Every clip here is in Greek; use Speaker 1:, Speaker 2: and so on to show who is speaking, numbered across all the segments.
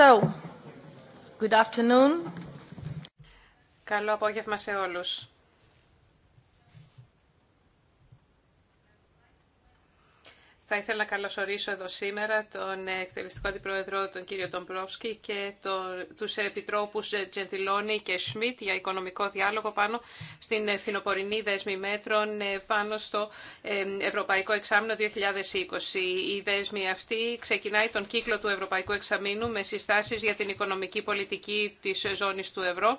Speaker 1: So, good afternoon.
Speaker 2: Καλό απόγευμα σε όλους. Θα ήθελα να καλωσορίσω εδώ σήμερα τον εκτελεστικό αντιπρόεδρο, τον κύριο Τομπρόφσκι και το, τους επιτρόπους Τζεντιλόνι και Σμιτ για οικονομικό διάλογο πάνω στην φθινοπορεινή δέσμη μέτρων ε, πάνω στο ε, Ευρωπαϊκό Εξάμεινο 2020. Η δέσμη αυτή ξεκινάει τον κύκλο του Ευρωπαϊκού Εξαμήνου με συστάσεις για την οικονομική πολιτική της ζώνης του ευρώ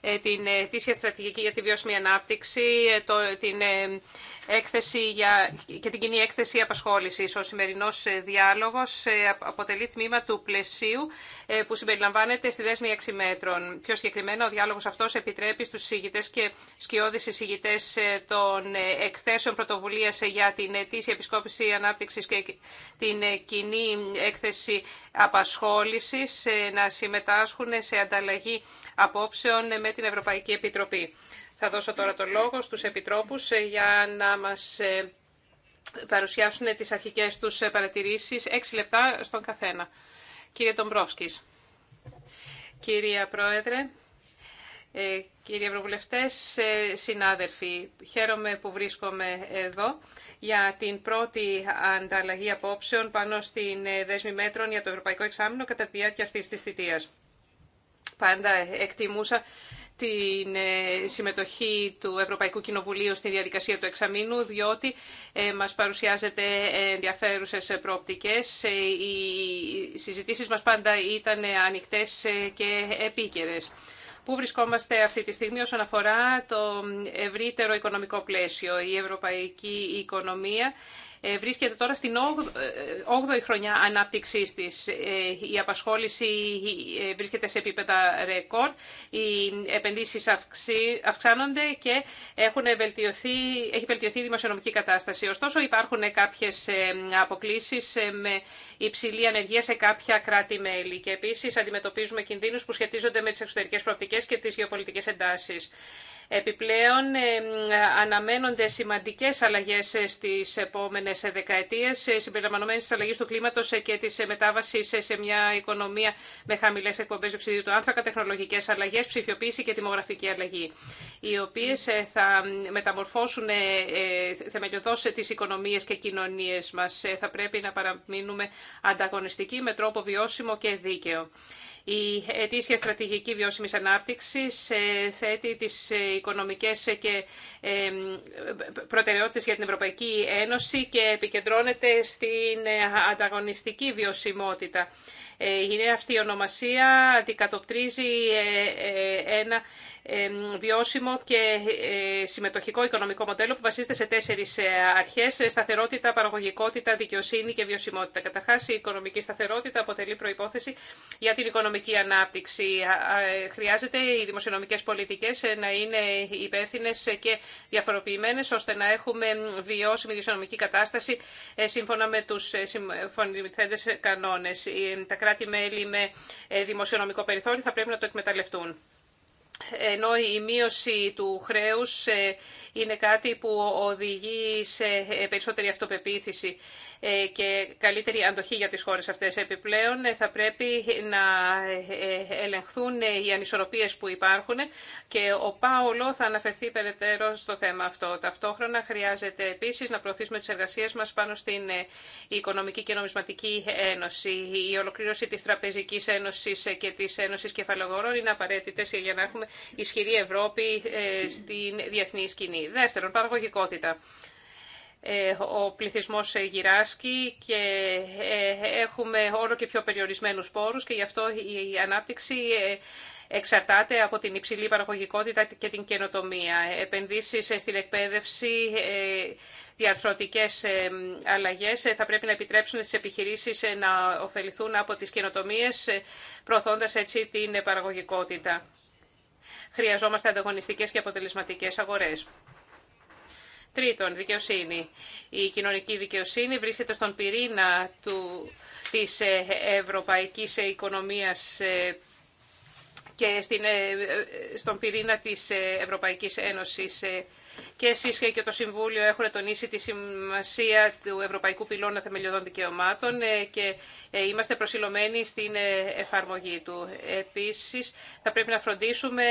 Speaker 2: ε, την ετήσια στρατηγική για τη βιώσιμη ανάπτυξη, ε, το, την ε, έκθεση για, και την κοινή έκθεση απασχόλησης. Ο σημερινός διάλογος αποτελεί τμήμα του πλαισίου που συμπεριλαμβάνεται στη δέσμη 6 μέτρων. Πιο συγκεκριμένα, ο διάλογος αυτός επιτρέπει στους συγητές και σκιώδεις συζητητές των εκθέσεων πρωτοβουλίας για την ετήσια επισκόπηση ανάπτυξης και την κοινή έκθεση απασχόλησης να συμμετάσχουν σε ανταλλαγή απόψεων με την Ευρωπαϊκή Επιτροπή. Θα δώσω τώρα το λόγο στους επιτρόπους ε, για να μας ε, παρουσιάσουν τις αρχικές τους ε, παρατηρήσεις. Έξι λεπτά στον καθένα. Κύριε Τομπρόφσκης. Κυρία Πρόεδρε, ε, κύριοι Ευρωβουλευτές, ε, συνάδελφοι, χαίρομαι που βρίσκομαι εδώ για την πρώτη ανταλλαγή απόψεων πάνω στην ε, δέσμη μέτρων για το Ευρωπαϊκό Εξάμεινο κατά τη διάρκεια αυτής της θητείας. Πάντα εκτιμούσα την συμμετοχή του Ευρωπαϊκού Κοινοβουλίου στη διαδικασία του εξαμήνου, διότι μας παρουσιάζεται ενδιαφέρουσες προοπτικές. Οι συζητήσεις μας πάντα ήταν ανοιχτές και επίκαιρες. Πού βρισκόμαστε αυτή τη στιγμή όσον αφορά το ευρύτερο οικονομικό πλαίσιο. Η ευρωπαϊκή οικονομία ε, βρίσκεται τώρα στην 8η ε, ε, χρονιά ανάπτυξή τη. Η απασχόληση βρίσκεται σε επίπεδα ρεκόρ, οι επενδύσει αυξάνονται και έχουν βελτιωθεί, έχει βελτιωθεί η δημοσιονομική κατάσταση. Ωστόσο υπάρχουν κάποιε αποκλήσει με υψηλή ανεργία σε κάποια κράτη-μέλη και επίση αντιμετωπίζουμε κινδύνους που σχετίζονται με τι εξωτερικέ προοπτικέ και τι γεωπολιτικέ εντάσει. Επιπλέον αναμένονται σημαντικές αλλαγές στις επόμενες επόμενε δεκαετίε, συμπεριλαμβανομένη τη αλλαγή του κλίματο ε, και τη ε, μετάβαση ε, σε μια οικονομία με χαμηλέ εκπομπέ οξυδιού του άνθρακα, τεχνολογικέ αλλαγέ, ψηφιοποίηση και τιμογραφική αλλαγή, οι οποίε θα μεταμορφώσουν θεμελιωδώ τι οικονομίε και κοινωνίε μα. Θα πρέπει να παραμείνουμε ανταγωνιστικοί με τρόπο βιώσιμο και δίκαιο. Η ετήσια στρατηγική βιώσιμης ανάπτυξης ε, θέτει τις ε, οικονομικές ε, και προτεραιότητες για την Ευρωπαϊκή Ένωση και επικεντρώνεται στην ανταγωνιστική βιωσιμότητα. Ε, η αυτή η ονομασία αντικατοπτρίζει ε, ε, ένα βιώσιμο και συμμετοχικό οικονομικό μοντέλο που βασίζεται σε τέσσερι αρχέ: σταθερότητα, παραγωγικότητα, δικαιοσύνη και βιωσιμότητα. Καταρχά, η οικονομική σταθερότητα αποτελεί προπόθεση για την οικονομική ανάπτυξη. Χρειάζεται οι δημοσιονομικέ πολιτικέ να είναι υπεύθυνε και διαφοροποιημένε, ώστε να έχουμε βιώσιμη δημοσιονομική κατάσταση σύμφωνα με του συμφωνηθέντε κανόνε. Τα κάτι μελη με ε, δημοσιονομικό περιθώριο θα πρέπει να το εκμεταλλευτούν ενώ η μείωση του χρέους ε, είναι κάτι που οδηγεί σε ε, περισσότερη αυτοπεποίθηση. Ε, και καλύτερη αντοχή για τις χώρες αυτές. Επιπλέον ε, θα πρέπει να ε, ελεγχθούν οι ανισορροπίες που υπάρχουν και ο Πάολο θα αναφερθεί περαιτέρω στο θέμα αυτό. Ταυτόχρονα χρειάζεται επίσης να προωθήσουμε τις εργασίες μας πάνω στην Οικονομική και Νομισματική Ένωση. Η ολοκλήρωση της Τραπεζικής Ένωσης και της Ένωσης Κεφαλογορών είναι απαραίτητε για να έχουμε ισχυρή Ευρώπη στην διεθνή σκηνή. Δεύτερον, παραγωγικότητα. Ε, ο πληθυσμός ε, γυράσκει και ε, έχουμε όλο και πιο περιορισμένους πόρους και γι' αυτό η ανάπτυξη εξαρτάται από την υψηλή παραγωγικότητα και την καινοτομία. Επενδύσεις στην εκπαίδευση, διαρθρωτικές αλλαγές θα πρέπει να επιτρέψουν τις επιχειρήσεις να ωφεληθούν από τις καινοτομίες, προωθώντας έτσι την παραγωγικότητα. Χρειαζόμαστε ανταγωνιστικές και αποτελεσματικές αγορές. Τρίτον, δικαιοσύνη. Η κοινωνική δικαιοσύνη βρίσκεται στον πυρήνα του, της ε, ευρωπαϊκής οικονομίας ε, και στην, ε, στον πυρήνα της Ευρωπαϊκής Ένωσης και εσείς και το Συμβούλιο έχουν τονίσει τη σημασία του Ευρωπαϊκού Πυλώνα Θεμελιωδών Δικαιωμάτων ε, και ε, είμαστε προσιλωμένοι στην ε, εφαρμογή του. Επίσης, θα πρέπει να φροντίσουμε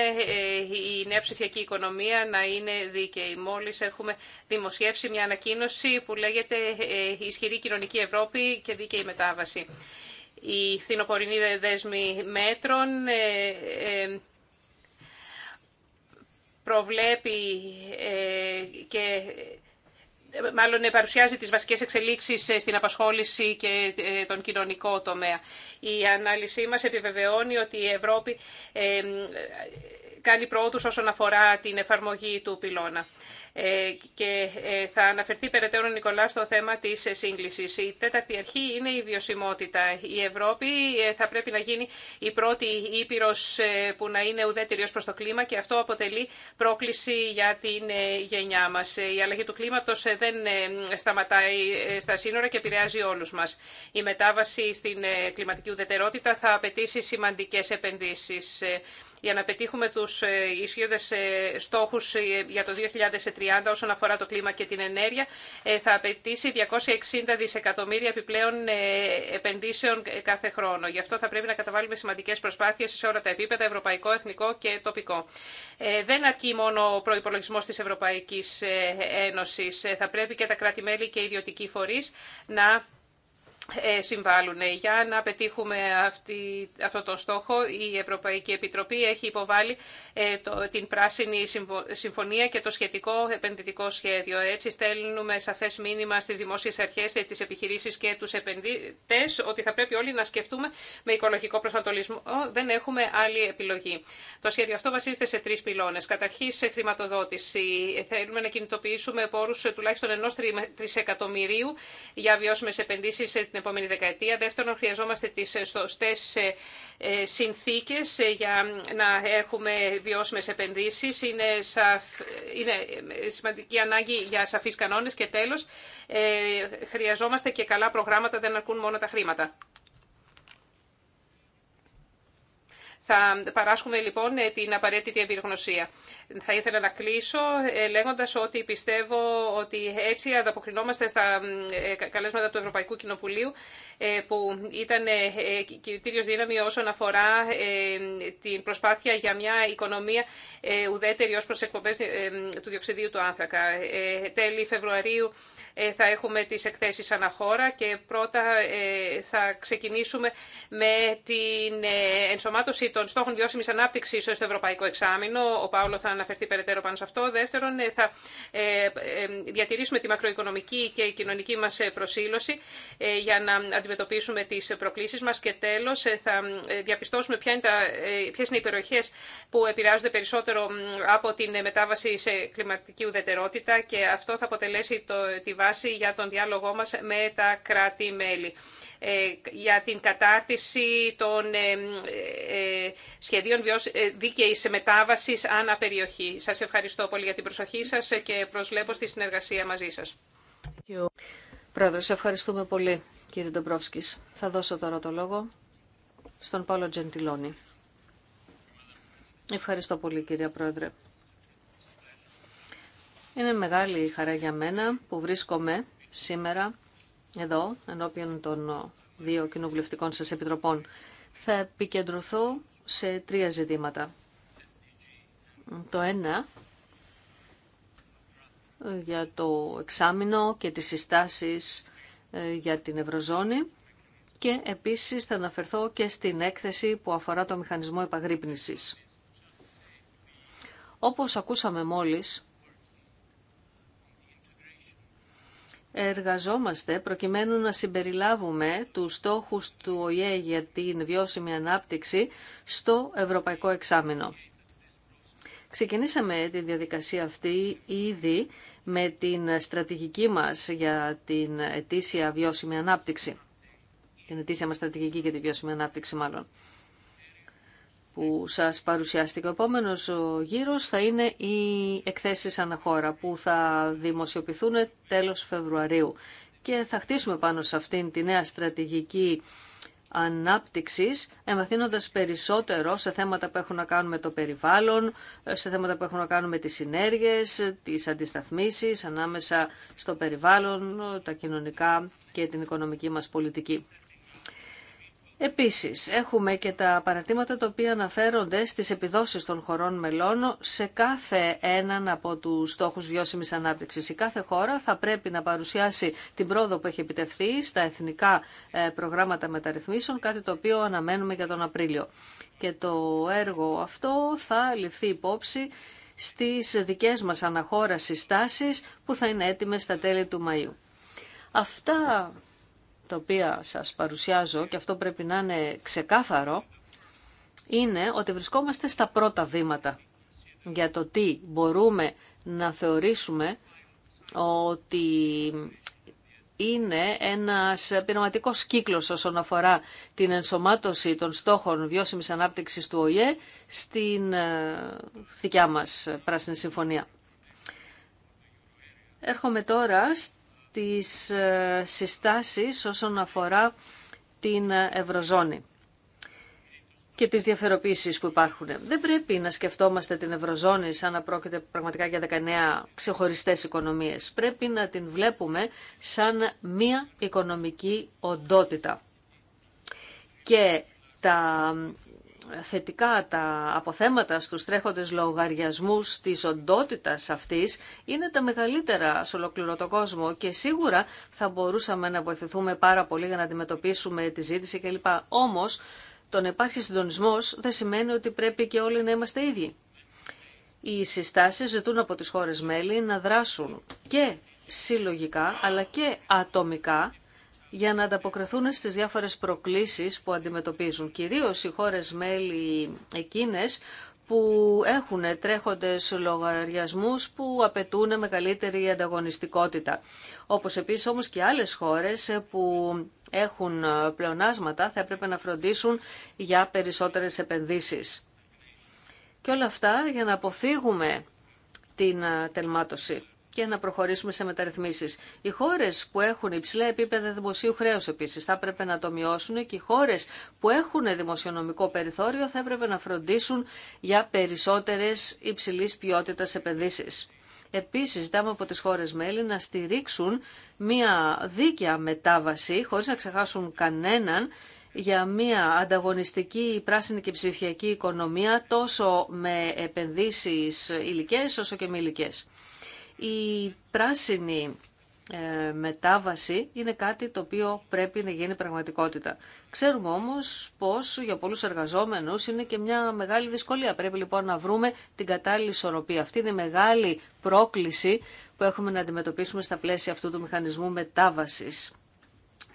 Speaker 2: η νέα ψηφιακή οικονομία να είναι δίκαιη. Μόλι έχουμε δημοσιεύσει μια ανακοίνωση που λέγεται «Ισχυρή κοινωνική Ευρώπη και δίκαιη μετάβαση». Η φθινοπορεινή δέσμη μέτρων προβλέπει ε, και ε, μάλλον παρουσιάζει τις βασικές εξελίξεις ε, στην απασχόληση και τον κοινωνικό τομέα. Η ανάλυση μας επιβεβαιώνει ότι η Ευρώπη κάνει πρόοδους όσον αφορά την εφαρμογή του πυλώνα. Ε, και ε, θα αναφερθεί περαιτέρω Νικολά στο θέμα τη ε, σύγκληση. Η τέταρτη αρχή είναι η βιωσιμότητα. Η Ευρώπη θα πρέπει να γίνει η πρώτη ήπειρο που να είναι ουδέτερη ω προς το κλίμα και αυτό αποτελεί πρόκληση για την γενιά μα. Η αλλαγή του κλίματο δεν σταματάει στα σύνορα και επηρεάζει όλου μα. Η μετάβαση στην κλιματική ουδετερότητα θα απαιτήσει σημαντικέ επενδύσει. για να πετύχουμε τους ισχύοντες στόχους για το 2030 όσον αφορά το κλίμα και την ενέργεια ε, θα απαιτήσει 260 δισεκατομμύρια επιπλέον ε, επενδύσεων κάθε χρόνο. Γι' αυτό θα πρέπει να καταβάλουμε σημαντικέ προσπάθειε σε όλα τα επίπεδα, ευρωπαϊκό, εθνικό και τοπικό. Ε, δεν αρκεί μόνο ο προπολογισμό τη Ευρωπαϊκή Ένωση. Θα πρέπει και τα κράτη-μέλη και οι ιδιωτικοί φορεί να ε, συμβάλλουν. Για να πετύχουμε αυτή, αυτό το στόχο, η Ευρωπαϊκή Επιτροπή έχει υποβάλει ε, το, την Πράσινη Συμφωνία και το σχετικό επενδυτικό σχέδιο. Έτσι στέλνουμε σαφές μήνυμα στις δημόσιες αρχές, ε, τις επιχειρήσεις και τους επενδυτές ότι θα πρέπει όλοι να σκεφτούμε με οικολογικό προσανατολισμό. Δεν έχουμε άλλη επιλογή. Το σχέδιο αυτό βασίζεται σε τρεις πυλώνες. Καταρχήν σε χρηματοδότηση. Θέλουμε να κινητοποιήσουμε πόρους τουλάχιστον ενός τρισεκατομμυρίου για βιώσιμες επενδύσεις σε επόμενη δεκαετία. Δεύτερον, χρειαζόμαστε τις ε, σωστές ε, ε, συνθήκες για να έχουμε βιώσιμες επενδύσεις. Είναι, είναι σημαντική ανάγκη για σαφείς κανόνες. Και τέλος, χρειαζόμαστε και καλά προγράμματα, δεν αρκούν μόνο τα χρήματα. Θα παράσχουμε λοιπόν ε, την απαραίτητη εμπειρογνωσία. Θα ήθελα να κλείσω ε, λέγοντα ότι πιστεύω ότι έτσι ανταποκρινόμαστε στα ε, καλέσματα του Ευρωπαϊκού Κοινοβουλίου που ήταν κυρίω δύναμη όσον αφορά την προσπάθεια για μια οικονομία ουδέτερη ω προ εκπομπέ του διοξιδίου του άνθρακα. Τέλη Φεβρουαρίου θα έχουμε τις εκθέσεις αναχώρα και πρώτα θα ξεκινήσουμε με την ενσωμάτωση των στόχων βιώσιμη ανάπτυξη στο Ευρωπαϊκό Εξάμεινο. Ο Παύλο θα αναφερθεί περαιτέρω πάνω σε αυτό. Δεύτερον, ε, θα ε, ε, διατηρήσουμε τη μακροοικονομική και κοινωνική μα προσήλωση για να αντιμετωπίσουμε τι προκλήσει μα. Και τέλο, θα διαπιστώσουμε ποιε είναι οι περιοχέ που επηρεάζονται περισσότερο από την μετάβαση σε κλιματική ουδετερότητα και αυτό θα αποτελέσει τη βάση για τον διάλογό μα με τα κράτη-μέλη. Ε, για την κατάρτιση των σχεδίων ε, δίκαιη μετάβαση ανά περιοχή. Σας ευχαριστώ πολύ για την προσοχή σας και προσβλέπω στη συνεργασία μαζί σα.
Speaker 1: Πρόεδρε, ευχαριστούμε πολύ κύριε Ντομπρόφσκη. Θα δώσω τώρα το λόγο στον Παύλο Τζεντιλόνι. Ευχαριστώ πολύ κύριε Πρόεδρε. Είναι μεγάλη χαρά για μένα που βρίσκομαι σήμερα εδώ ενώπιον των δύο κοινοβουλευτικών σας επιτροπών. Θα επικεντρωθώ σε τρία ζητήματα. Το ένα για το εξάμεινο και τις συστάσεις ε, για την Ευρωζώνη και επίσης θα αναφερθώ και στην έκθεση που αφορά το μηχανισμό επαγρύπνησης. Όπως ακούσαμε μόλις, εργαζόμαστε προκειμένου να συμπεριλάβουμε τους στόχους του ΟΗΕ για την βιώσιμη ανάπτυξη στο Ευρωπαϊκό Εξάμεινο. Ξεκινήσαμε τη διαδικασία αυτή ήδη με την στρατηγική μας για την ετήσια βιώσιμη ανάπτυξη. Την ετήσια μας στρατηγική για τη βιώσιμη ανάπτυξη μάλλον που σας παρουσιάστηκε. Ο επόμενος γύρος θα είναι οι εκθέσεις αναχώρα που θα δημοσιοποιηθούν τέλος Φεβρουαρίου και θα χτίσουμε πάνω σε αυτήν τη νέα στρατηγική ανάπτυξης, εμβαθύνοντας περισσότερο σε θέματα που έχουν να κάνουν με το περιβάλλον, σε θέματα που έχουν να κάνουν με τις συνέργειες, τις αντισταθμίσεις ανάμεσα στο περιβάλλον, τα κοινωνικά και την οικονομική μας πολιτική. Επίσης, έχουμε και τα παρατήματα τα οποία αναφέρονται στις επιδόσεις των χωρών μελών σε κάθε έναν από τους στόχους βιώσιμης ανάπτυξης. Η κάθε χώρα θα πρέπει να παρουσιάσει την πρόοδο που έχει επιτευχθεί στα εθνικά ε, προγράμματα μεταρρυθμίσεων, κάτι το οποίο αναμένουμε για τον Απρίλιο. Και το έργο αυτό θα ληφθεί υπόψη στις δικές μας αναχώρα τάσει που θα είναι έτοιμες στα τέλη του Μαΐου. Αυτά τα οποία σας παρουσιάζω και αυτό πρέπει να είναι ξεκάθαρο είναι ότι βρισκόμαστε στα πρώτα βήματα για το τι μπορούμε να θεωρήσουμε ότι είναι ένας πειραματικός κύκλος όσον αφορά την ενσωμάτωση των στόχων βιώσιμης ανάπτυξης του ΟΗΕ στην ε, δικιά μας Πράσινη Συμφωνία. Έρχομαι τώρα τις ε, συστάσεις όσον αφορά την Ευρωζώνη και τις διαφεροποίησεις που υπάρχουν. Δεν πρέπει να σκεφτόμαστε την Ευρωζώνη σαν να πρόκειται πραγματικά για 19 ξεχωριστές οικονομίες. Πρέπει να την βλέπουμε σαν μία οικονομική οντότητα. Και τα θετικά τα αποθέματα στους τρέχοντες λογαριασμούς της οντότητας αυτής είναι τα μεγαλύτερα σε ολοκληρό κόσμο και σίγουρα θα μπορούσαμε να βοηθηθούμε πάρα πολύ για να αντιμετωπίσουμε τη ζήτηση κλπ. Όμως, το να υπάρχει συντονισμός δεν σημαίνει ότι πρέπει και όλοι να είμαστε ίδιοι. Οι συστάσεις ζητούν από τις χώρες μέλη να δράσουν και συλλογικά αλλά και ατομικά για να ανταποκριθούν στις διάφορες προκλήσεις που αντιμετωπίζουν. Κυρίως οι χώρες μέλη εκείνες που έχουν τρέχοντες λογαριασμούς που απαιτούν μεγαλύτερη ανταγωνιστικότητα. Όπως επίσης όμως και άλλες χώρες που έχουν πλεονάσματα θα έπρεπε να φροντίσουν για περισσότερες επενδύσεις. Και όλα αυτά για να αποφύγουμε την ε, τελμάτωση και να προχωρήσουμε σε μεταρρυθμίσεις. Οι χώρες που έχουν υψηλά επίπεδα δημοσίου χρέους επίσης θα έπρεπε να το μειώσουν και οι χώρες που έχουν δημοσιονομικό περιθώριο θα έπρεπε να φροντίσουν για περισσότερες υψηλής ποιότητας επενδύσεις. Επίσης, ζητάμε από τις χώρες μέλη να στηρίξουν μια δίκαια μετάβαση, χωρίς να ξεχάσουν κανέναν, για μια ανταγωνιστική πράσινη και ψηφιακή οικονομία, τόσο με επενδύσεις υλικές όσο και με υλικές. Η πράσινη ε, μετάβαση είναι κάτι το οποίο πρέπει να γίνει πραγματικότητα. Ξέρουμε όμως πως για πολλούς εργαζόμενους είναι και μια μεγάλη δυσκολία. Πρέπει λοιπόν να βρούμε την κατάλληλη ισορροπία. Αυτή είναι η μεγάλη πρόκληση που έχουμε να αντιμετωπίσουμε στα πλαίσια αυτού του μηχανισμού μετάβασης.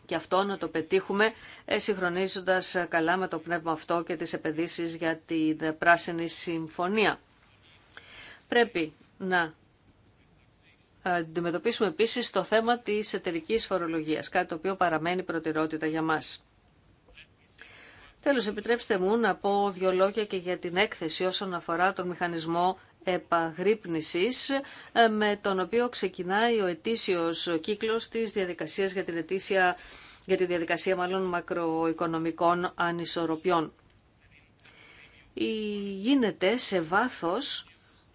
Speaker 1: Και αυτό να το πετύχουμε ε, συγχρονίζοντας ε, καλά με το πνεύμα αυτό και τις επενδύσεις για την Πράσινη Συμφωνία. Πρέπει να αντιμετωπίσουμε επίση το θέμα της εταιρική φορολογίας, κάτι το οποίο παραμένει προτεραιότητα για μα. Τέλος, επιτρέψτε μου να πω δύο λόγια και για την έκθεση όσον αφορά τον μηχανισμό επαγρύπνησης ε, με τον οποίο ξεκινάει ο ετήσιος κύκλος της διαδικασίας για, την για τη διαδικασία μάλλον μακροοικονομικών ανισορροπιών. Η γίνεται σε βάθος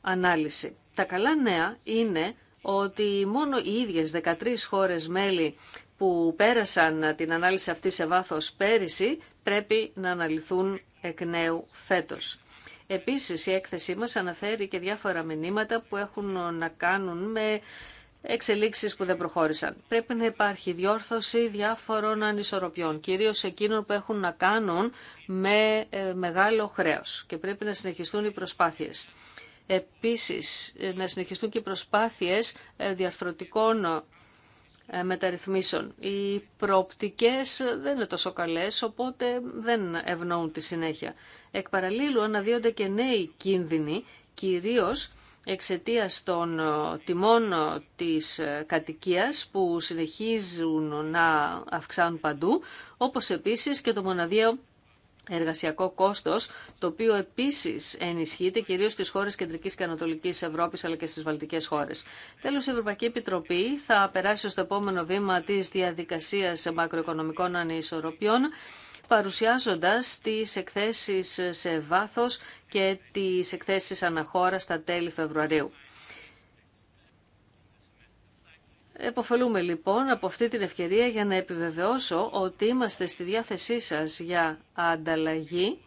Speaker 1: ανάλυση. Τα καλά νέα είναι ότι μόνο οι ίδιες 13 χώρες μέλη που πέρασαν την ανάλυση αυτή σε βάθος πέρυσι πρέπει να αναλυθούν εκ νέου φέτος. Επίσης η έκθεσή μας αναφέρει και διάφορα μηνύματα που έχουν να κάνουν με εξελίξεις που δεν προχώρησαν. Πρέπει να υπάρχει διόρθωση διάφορων ανισορροπιών, κυρίως εκείνων που έχουν να κάνουν με ε, μεγάλο χρέος και πρέπει να συνεχιστούν οι προσπάθειες. Επίσης, να συνεχιστούν και προσπάθειες ε, διαρθρωτικών ε, μεταρρυθμίσεων. Οι προοπτικές δεν είναι τόσο καλές, οπότε δεν ευνοούν τη συνέχεια. Εκ παραλίλου αναδύονται και νέοι κίνδυνοι, κυρίως εξαιτίας των ε, τιμών της κατοικίας που συνεχίζουν να αυξάνουν παντού, όπως επίσης και το μοναδιαίο εργασιακό κόστος, το οποίο επίσης ενισχύεται κυρίως στις χώρες κεντρικής και ανατολικής Ευρώπης αλλά και στις βαλτικές χώρες. Τέλος, η Ευρωπαϊκή Επιτροπή θα περάσει στο επόμενο βήμα της διαδικασίας μακροοικονομικών ανισορροπιών παρουσιάζοντας τις εκθέσεις σε βάθος και τις εκθέσεις αναχώρα στα τέλη Φεβρουαρίου. Εποφελούμε λοιπόν από αυτή την ευκαιρία για να επιβεβαιώσω ότι είμαστε στη διάθεσή σας για ανταλλαγή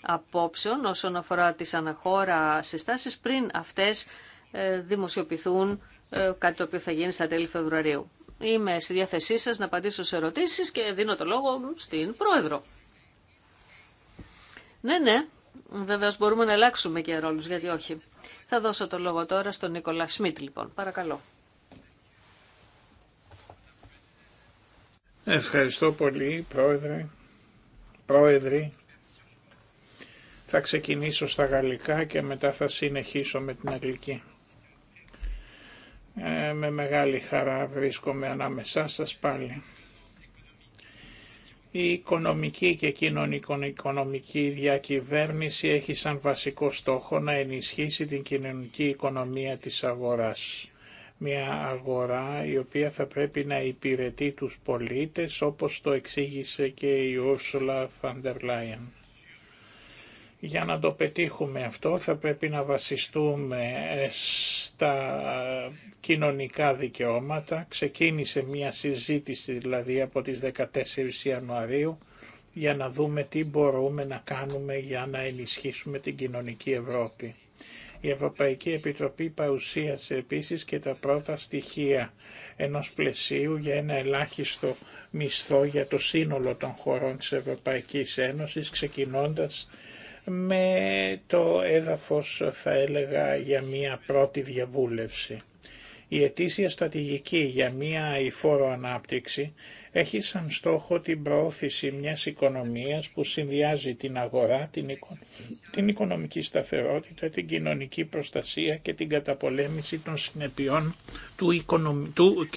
Speaker 1: απόψεων όσον αφορά τις αναχώρα συστάσεις πριν αυτές ε, δημοσιοποιηθούν ε, κάτι το οποίο θα γίνει στα τέλη Φεβρουαρίου. Είμαι στη διάθεσή σας να απαντήσω σε ερωτήσεις και δίνω το λόγο στην Πρόεδρο. Ναι, ναι, βέβαια μπορούμε να αλλάξουμε και ρόλους, γιατί όχι. Θα δώσω το λόγο τώρα στον Νίκολα Σμίτ, λοιπόν. Παρακαλώ.
Speaker 3: Ευχαριστώ πολύ, Πρόεδρε. Πρόεδρε, θα ξεκινήσω στα γαλλικά και μετά θα συνεχίσω με την αγγλική. Ε, με μεγάλη χαρά βρίσκομαι ανάμεσά σας πάλι. Η οικονομική και κοινωνικονομική διακυβέρνηση έχει σαν βασικό στόχο να ενισχύσει την κοινωνική οικονομία της αγοράς μια αγορά η οποία θα πρέπει να υπηρετεί τους πολίτες όπως το εξήγησε και η Ursula von der Για να το πετύχουμε αυτό θα πρέπει να βασιστούμε ε, στα κοινωνικά δικαιώματα. Ξεκίνησε μια συζήτηση δηλαδή από τις 14 Ιανουαρίου για να δούμε τι μπορούμε να κάνουμε για να ενισχύσουμε την κοινωνική Ευρώπη. Η Ευρωπαϊκή Επιτροπή παρουσίασε επίσης και τα πρώτα στοιχεία ενός πλαισίου για ένα ελάχιστο μισθό για το σύνολο των χωρών της Ευρωπαϊκής Ένωσης, ξεκινώντας με το έδαφος θα έλεγα για μία πρώτη διαβούλευση. Η ετήσια στρατηγική για μία αηφόρο ανάπτυξη έχει σαν στόχο την προώθηση μιας οικονομίας που συνδυάζει την αγορά, την, οικονομική σταθερότητα, την κοινωνική προστασία και την καταπολέμηση των συνεπειών του,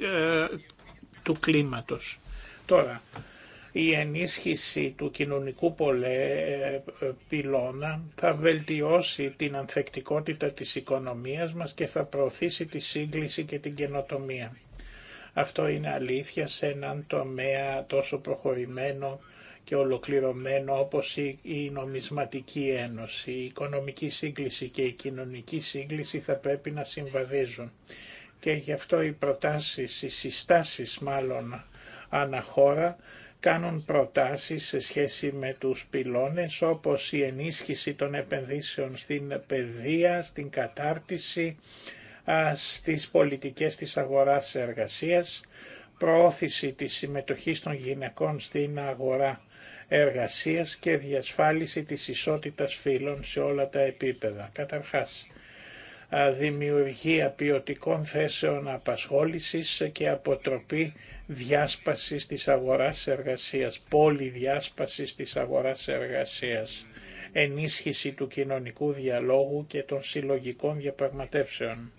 Speaker 3: ε, του κλίματος. Τώρα, η ενίσχυση του κοινωνικού πολέ, ε, πυλώνα θα βελτιώσει την ανθεκτικότητα της οικονομίας μας και θα προωθήσει τη σύγκληση και την καινοτομία. Αυτό είναι αλήθεια σε έναν τομέα τόσο προχωρημένο και ολοκληρωμένο όπως η νομισματική ένωση. Η οικονομική σύγκληση και η κοινωνική σύγκληση θα πρέπει να συμβαδίζουν. Και γι' αυτό οι προτάσεις, οι συστάσεις μάλλον αναχώρα, κάνουν προτάσεις σε σχέση με τους πυλώνες όπως η ενίσχυση των επενδύσεων στην παιδεία, στην κατάρτιση, στις πολιτικές της αγοράς εργασίας, προώθηση της συμμετοχής των γυναικών στην αγορά εργασίας και διασφάλιση της ισότητας φύλων σε όλα τα επίπεδα. Καταρχάς, δημιουργία ποιοτικών θέσεων απασχόλησης και αποτροπή διάσπασης της αγοράς εργασίας, πόλη διάσπασης της αγοράς εργασίας, ενίσχυση του κοινωνικού διαλόγου και των συλλογικών διαπραγματεύσεων.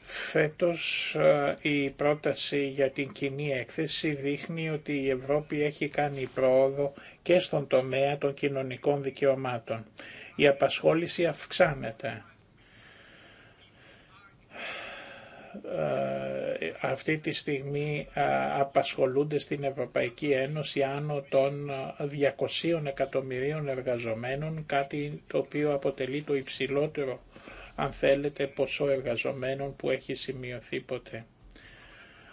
Speaker 3: Φέτος η πρόταση για την κοινή έκθεση δείχνει ότι η Ευρώπη έχει κάνει πρόοδο και στον τομέα των κοινωνικών δικαιωμάτων. Η απασχόληση αυξάνεται. Ε, αυτή τη στιγμή ε, απασχολούνται στην Ευρωπαϊκή Ένωση άνω των 200 ε, εκατομμυρίων εργαζομένων, κάτι το οποίο αποτελεί το υψηλότερο, αν θέλετε, ποσό εργαζομένων που έχει σημειωθεί ποτέ.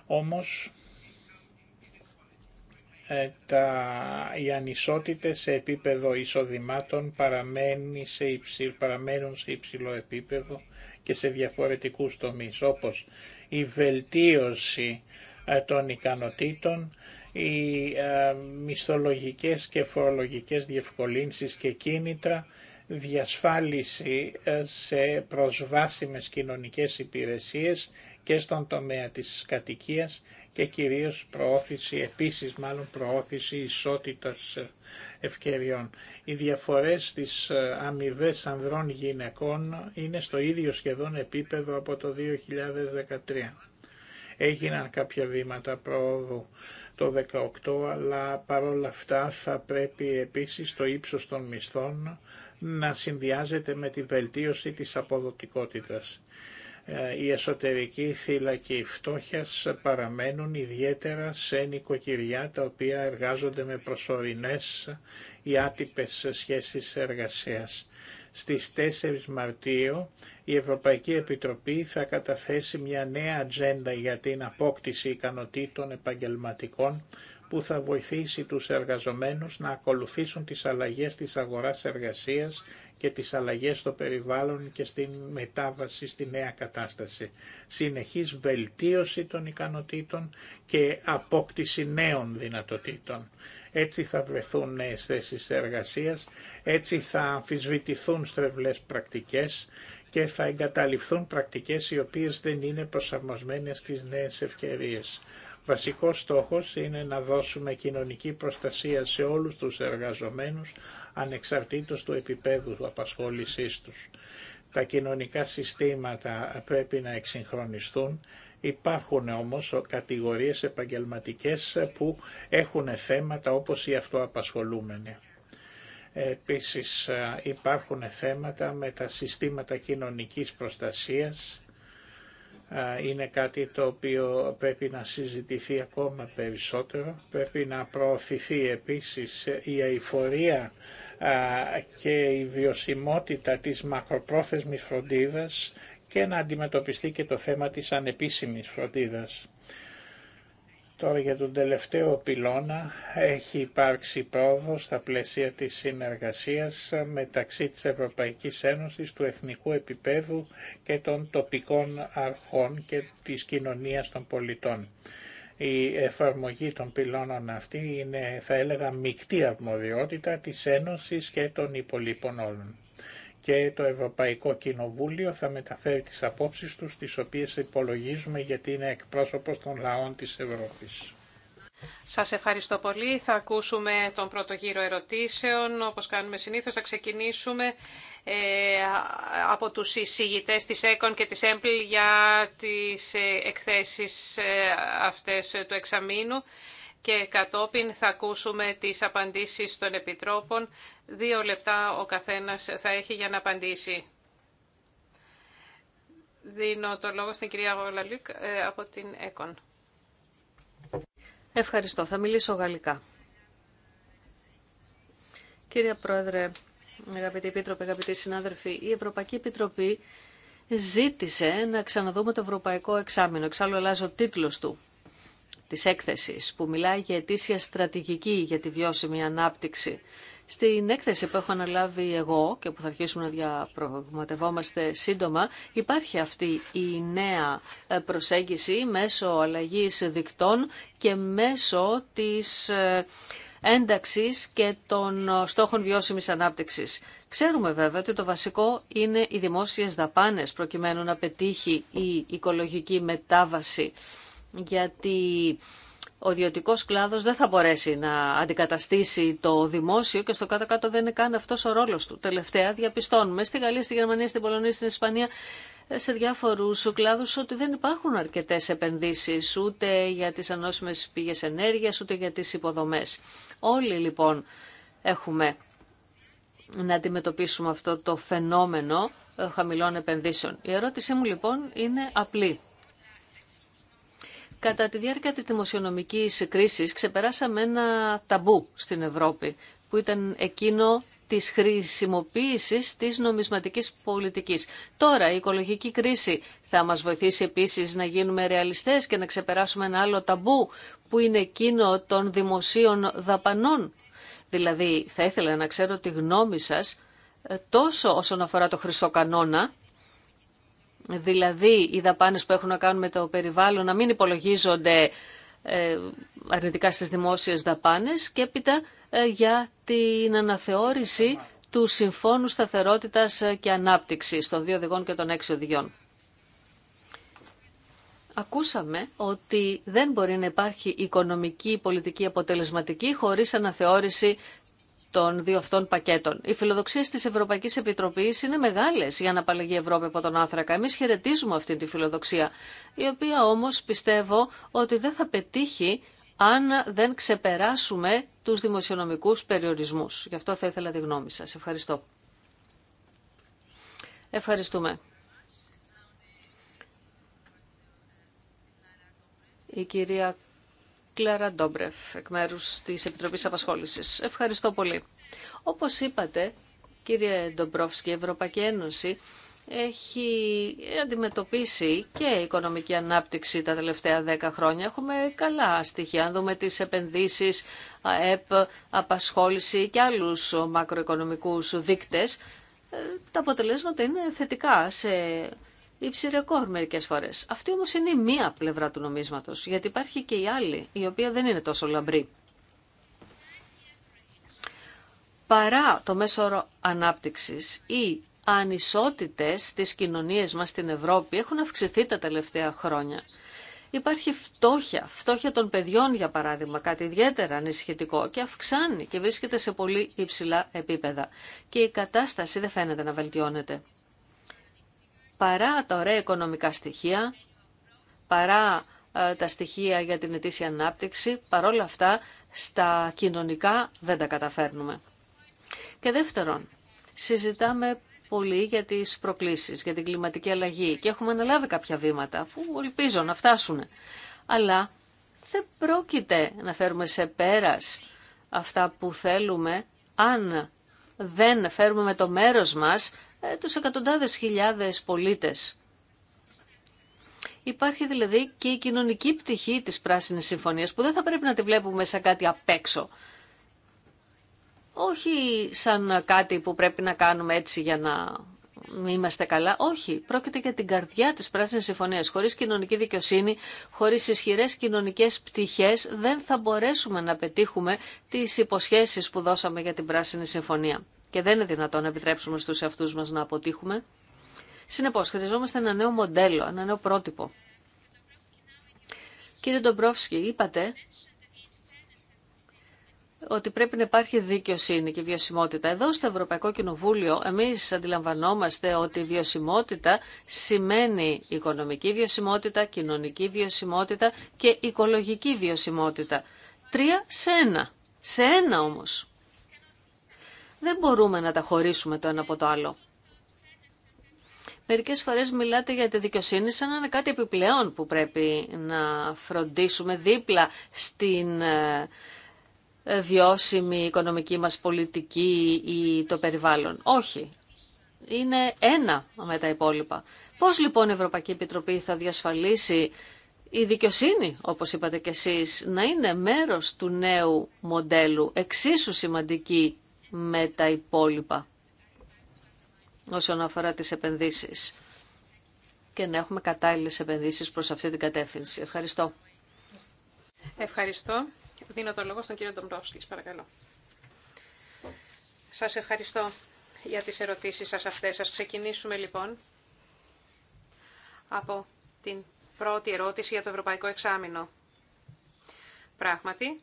Speaker 3: Όμως, τα, οι ανισότητες σε επίπεδο εισοδημάτων παραμένουν σε υψηλό επίπεδο και σε διαφορετικούς τομείς όπως η βελτίωση ε, των ικανοτήτων, οι ε, μισθολογικές και φορολογικές διευκολύνσεις και κίνητρα, διασφάλιση ε, σε προσβάσιμες κοινωνικές υπηρεσίες και στον τομέα της κατοικίας και κυρίως προώθηση, επίσης μάλλον προώθηση ισότητας ευκαιριών. Οι διαφορές στις ε, αμοιβέ ανδρών γυναικών είναι στο ίδιο σχεδόν επίπεδο από το 2013. Έγιναν κάποια βήματα προόδου το 2018, αλλά παρόλα αυτά θα πρέπει επίσης το ύψος των μισθών να συνδυάζεται με τη βελτίωση της αποδοτικότητας. Ε, η εσωτερικοί θύλακοι φτώχειας παραμένουν ιδιαίτερα σε νοικοκυριά τα οποία εργάζονται με προσωρινές ή άτυπες σχέσεις εργασίας. Στις 4 Μαρτίου η Ευρωπαϊκή Επιτροπή θα καταθέσει μια νέα ατζέντα για την απόκτηση ικανοτήτων επαγγελματικών που θα βοηθήσει τους εργαζομένους να ακολουθήσουν τις αλλαγές της αγοράς εργασίας και τις αλλαγές στο περιβάλλον και στην μετάβαση στη νέα κατάσταση. Συνεχής βελτίωση των ικανοτήτων και απόκτηση νέων δυνατοτήτων. Έτσι θα βρεθούν νέες θέσεις εργασίας, έτσι θα αμφισβητηθούν στρεβλές πρακτικές και θα εγκαταλειφθούν πρακτικές οι οποίες δεν είναι προσαρμοσμένες στις νέες ευκαιρίες. Βασικός στόχος είναι να δώσουμε κοινωνική προστασία σε όλους τους εργαζομένους ανεξαρτήτως του επίπεδου απασχόλησής τους. Τα κοινωνικά συστήματα πρέπει να εξυγχρονιστούν. Υπάρχουν όμως κατηγορίες επαγγελματικές που έχουν θέματα όπως οι αυτοαπασχολούμενοι. Επίσης ε, υπάρχουν θέματα με τα συστήματα κοινωνικής προστασίας είναι κάτι το οποίο πρέπει να συζητηθεί ακόμα περισσότερο. Πρέπει να προωθηθεί επίσης η αηφορία και η βιωσιμότητα της μακροπρόθεσμης φροντίδας και να αντιμετωπιστεί και το θέμα της ανεπίσημης φροντίδας. Τώρα για τον τελευταίο πυλώνα έχει υπάρξει πρόοδο στα πλαίσια της συνεργασίας μεταξύ της Ευρωπαϊκής Ένωσης, του εθνικού επίπεδου και των τοπικών αρχών και της κοινωνίας των πολιτών. Η εφαρμογή των πυλώνων αυτή είναι θα έλεγα μεικτή αρμοδιότητα της Ένωσης και των υπολείπων όλων και το Ευρωπαϊκό Κοινοβούλιο θα μεταφέρει τις απόψεις τους, τις οποίες υπολογίζουμε γιατί είναι εκπρόσωπος των λαών της Ευρώπης.
Speaker 2: Σας ευχαριστώ πολύ. Θα ακούσουμε τον πρώτο γύρο ερωτήσεων. Όπως κάνουμε συνήθως, θα ξεκινήσουμε ε, από τους εισηγητές της ΕΚΟΝ και της ΕΜΠΛ για τις ε, εκθέσεις ε, αυτές του εξαμήνου και κατόπιν θα ακούσουμε τις απαντήσεις των Επιτρόπων Δύο λεπτά ο καθένας θα έχει για να απαντήσει. Δίνω το λόγο στην κυρία Γολαλίκ ε, από την ΕΚΟΝ.
Speaker 1: Ευχαριστώ. Θα μιλήσω γαλλικά. Κύριε Πρόεδρε, αγαπητοί επίτροποι, αγαπητοί συνάδελφοι, η Ευρωπαϊκή Επιτροπή ζήτησε να ξαναδούμε το Ευρωπαϊκό Εξάμεινο. Εξάλλου αλλάζω τίτλος του της έκθεσης που μιλάει για ετήσια στρατηγική για τη βιώσιμη ανάπτυξη στην έκθεση που έχω αναλάβει εγώ και που θα αρχίσουμε να διαπραγματευόμαστε σύντομα, υπάρχει αυτή η νέα ε, προσέγγιση μέσω αλλαγής δικτών και μέσω της ε, ένταξης και των ε, στόχων βιώσιμης ανάπτυξης. Ξέρουμε βέβαια ότι το βασικό είναι οι δημόσιες δαπάνες προκειμένου να πετύχει η οικολογική μετάβαση γιατί ο ιδιωτικό κλάδος δεν θα μπορέσει να αντικαταστήσει το δημόσιο και στο κάτω-κάτω δεν είναι καν αυτός ο ρόλος του. Τελευταία διαπιστώνουμε στη Γαλλία, στη Γερμανία, στην Πολωνία, στην Ισπανία σε διάφορους κλάδους ότι δεν υπάρχουν αρκετές επενδύσεις ούτε για τις ανώσιμε πηγές ενέργειας ούτε για τις υποδομέ. Όλοι λοιπόν έχουμε να αντιμετωπίσουμε αυτό το φαινόμενο ε, χαμηλών επενδύσεων. Η ερώτησή μου λοιπόν είναι απλή. Κατά τη διάρκεια της δημοσιονομικής κρίσης ξεπεράσαμε ένα ταμπού στην Ευρώπη που ήταν εκείνο της χρησιμοποίησης της νομισματικής πολιτικής. Τώρα η οικολογική κρίση θα μας βοηθήσει επίσης να γίνουμε ρεαλιστές και να ξεπεράσουμε ένα άλλο ταμπού που είναι εκείνο των δημοσίων δαπανών. Δηλαδή θα ήθελα να ξέρω τη γνώμη σας ε, τόσο όσον αφορά το χρυσό κανόνα δηλαδή οι δαπάνες που έχουν να κάνουν με το περιβάλλον να μην υπολογίζονται ε, αρνητικά στις δημόσιες δαπάνες και έπειτα ε, για την αναθεώρηση του Συμφώνου Σταθερότητας ε, και Ανάπτυξης των δύο οδηγών και των έξι οδηγιών. Ακούσαμε ότι δεν μπορεί να υπάρχει οικονομική πολιτική αποτελεσματική χωρίς αναθεώρηση των δύο αυτών πακέτων. Οι φιλοδοξίε τη Ευρωπαϊκή Επιτροπή είναι μεγάλε για να απαλλαγεί Ευρώπη από τον άνθρακα. Εμεί χαιρετίζουμε αυτή τη φιλοδοξία, η οποία όμω πιστεύω ότι δεν θα πετύχει αν δεν ξεπεράσουμε τους δημοσιονομικούς περιορισμούς. Γι' αυτό θα ήθελα τη γνώμη σα. Ευχαριστώ. Ευχαριστούμε. Η κυρία Κλάρα Ντόμπρεφ, εκ μέρου τη Επιτροπή Απασχόληση. Ευχαριστώ πολύ. Όπω είπατε, κύριε Ντομπρόφσκι, η Ευρωπαϊκή Ένωση έχει αντιμετωπίσει και οικονομική ανάπτυξη τα τελευταία δέκα χρόνια. Έχουμε καλά στοιχεία. Αν δούμε τις επενδύσεις, ΑΕΠ, απασχόληση και άλλους μακροοικονομικούς δείκτες, ε, τα αποτελέσματα είναι θετικά σε Υψη ρεκόρ μερικές φορές. Αυτή όμως είναι η μία πλευρά του νομίσματος, γιατί υπάρχει και η άλλη, η οποία δεν είναι τόσο λαμπρή. Παρά το μέσο όρο ανάπτυξη, οι ανισότητες στι κοινωνίε μας στην Ευρώπη έχουν αυξηθεί τα τελευταία χρόνια. Υπάρχει φτώχεια, φτώχεια των παιδιών για παράδειγμα, κάτι ιδιαίτερα ανησυχητικό και αυξάνει και βρίσκεται σε πολύ υψηλά επίπεδα. Και η κατάσταση δεν φαίνεται να βελτιώνεται παρά τα ωραία οικονομικά στοιχεία, παρά ε, τα στοιχεία για την ετήσια ανάπτυξη, παρόλα αυτά στα κοινωνικά δεν τα καταφέρνουμε. Και δεύτερον, συζητάμε πολύ για τις προκλήσεις, για την κλιματική αλλαγή και έχουμε αναλάβει κάποια βήματα που ελπίζω να φτάσουν. Αλλά δεν πρόκειται να φέρουμε σε πέρας αυτά που θέλουμε αν δεν φέρουμε με το μέρος μας ε, τους εκατοντάδες χιλιάδες πολίτες. Υπάρχει δηλαδή και η κοινωνική πτυχή της Πράσινης Συμφωνίας που δεν θα πρέπει να τη βλέπουμε σαν κάτι απ' έξω. Όχι σαν κάτι που πρέπει να κάνουμε έτσι για να είμαστε καλά. Όχι, πρόκειται για την καρδιά της Πράσινης Συμφωνίας. Χωρίς κοινωνική δικαιοσύνη, χωρίς ισχυρές κοινωνικές πτυχές δεν θα μπορέσουμε να πετύχουμε τις υποσχέσεις που δώσαμε για την Πράσινη Συμφωνία και δεν είναι δυνατόν να επιτρέψουμε στους εαυτούς μας να αποτύχουμε. Συνεπώς, χρειαζόμαστε ένα νέο μοντέλο, ένα νέο πρότυπο. Κύριε Ντομπρόφσκι, είπατε ότι πρέπει να υπάρχει δικαιοσύνη και βιωσιμότητα. Εδώ στο Ευρωπαϊκό Κοινοβούλιο εμείς αντιλαμβανόμαστε ότι η βιωσιμότητα σημαίνει οικονομική βιωσιμότητα, κοινωνική βιωσιμότητα και οικολογική βιωσιμότητα. Τρία σε ένα. Σε ένα όμως. Δεν μπορούμε να τα χωρίσουμε το ένα από το άλλο. Μερικές φορές μιλάτε για τη δικαιοσύνη σαν να είναι κάτι επιπλέον που πρέπει να φροντίσουμε δίπλα στην ε, ε, βιώσιμη οικονομική μας πολιτική ή το περιβάλλον. Όχι. Είναι ένα με τα υπόλοιπα. Πώς λοιπόν η Ευρωπαϊκή Επιτροπή θα διασφαλίσει η δικαιοσύνη, όπως είπατε κι εσείς, να είναι μέρος του νέου μοντέλου, εξίσου σημαντική με τα υπόλοιπα όσον αφορά τις επενδύσεις και να έχουμε κατάλληλες επενδύσεις προς αυτή την κατεύθυνση. Ευχαριστώ.
Speaker 2: Ευχαριστώ. Δίνω το λόγο στον κύριο Ντομπρόφσκης, παρακαλώ. Σας ευχαριστώ για τις ερωτήσεις σας αυτές. Σας ξεκινήσουμε λοιπόν από την πρώτη ερώτηση για το Ευρωπαϊκό Εξάμεινο. Πράγματι,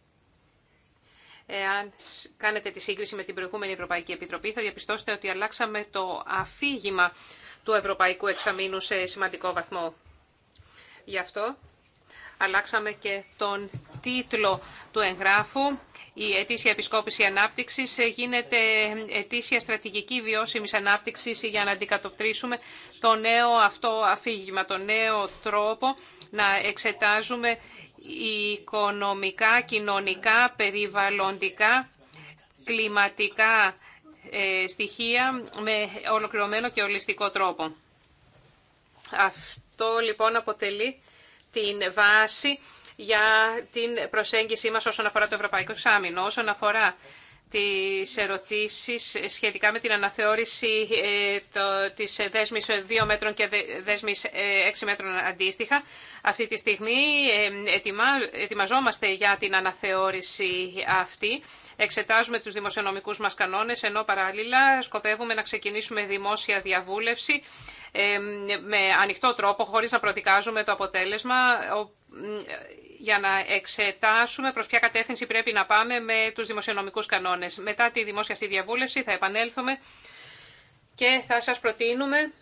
Speaker 2: Εάν κάνετε τη σύγκριση με την προηγούμενη Ευρωπαϊκή Επιτροπή, θα διαπιστώσετε ότι αλλάξαμε το αφήγημα του Ευρωπαϊκού Εξαμήνου σε σημαντικό βαθμό. Γι' αυτό αλλάξαμε και τον τίτλο του εγγράφου. Η ετήσια επισκόπηση ανάπτυξη. γίνεται ετήσια στρατηγική βιώσιμη ανάπτυξη για να αντικατοπτρίσουμε το νέο αυτό αφήγημα, το νέο τρόπο να εξετάζουμε οικονομικά, κοινωνικά, περιβαλλοντικά, κλιματικά ε, στοιχεία με ολοκληρωμένο και ολιστικό τρόπο. Αυτό λοιπόν αποτελεί την βάση για την προσέγγιση μας όσον αφορά το Ευρωπαϊκό Εξάμεινο. Όσον αφορά τις ερωτήσεις σχετικά με την αναθεώρηση ε, το, της δέσμης 2 μέτρων και δέσμης 6 ε, μέτρων αντίστοιχα. Αυτή τη στιγμή ε, ετοιμα, ετοιμαζόμαστε για την αναθεώρηση αυτή. Εξετάζουμε τους δημοσιονομικούς μας κανόνες, ενώ παράλληλα σκοπεύουμε να ξεκινήσουμε δημόσια διαβούλευση με ανοιχτό τρόπο, χωρίς να προδικάζουμε το αποτέλεσμα, για να εξετάσουμε προς ποια κατεύθυνση πρέπει να πάμε με τους δημοσιονομικούς κανόνες. Μετά τη δημόσια αυτή διαβούλευση θα επανέλθουμε και θα σας προτείνουμε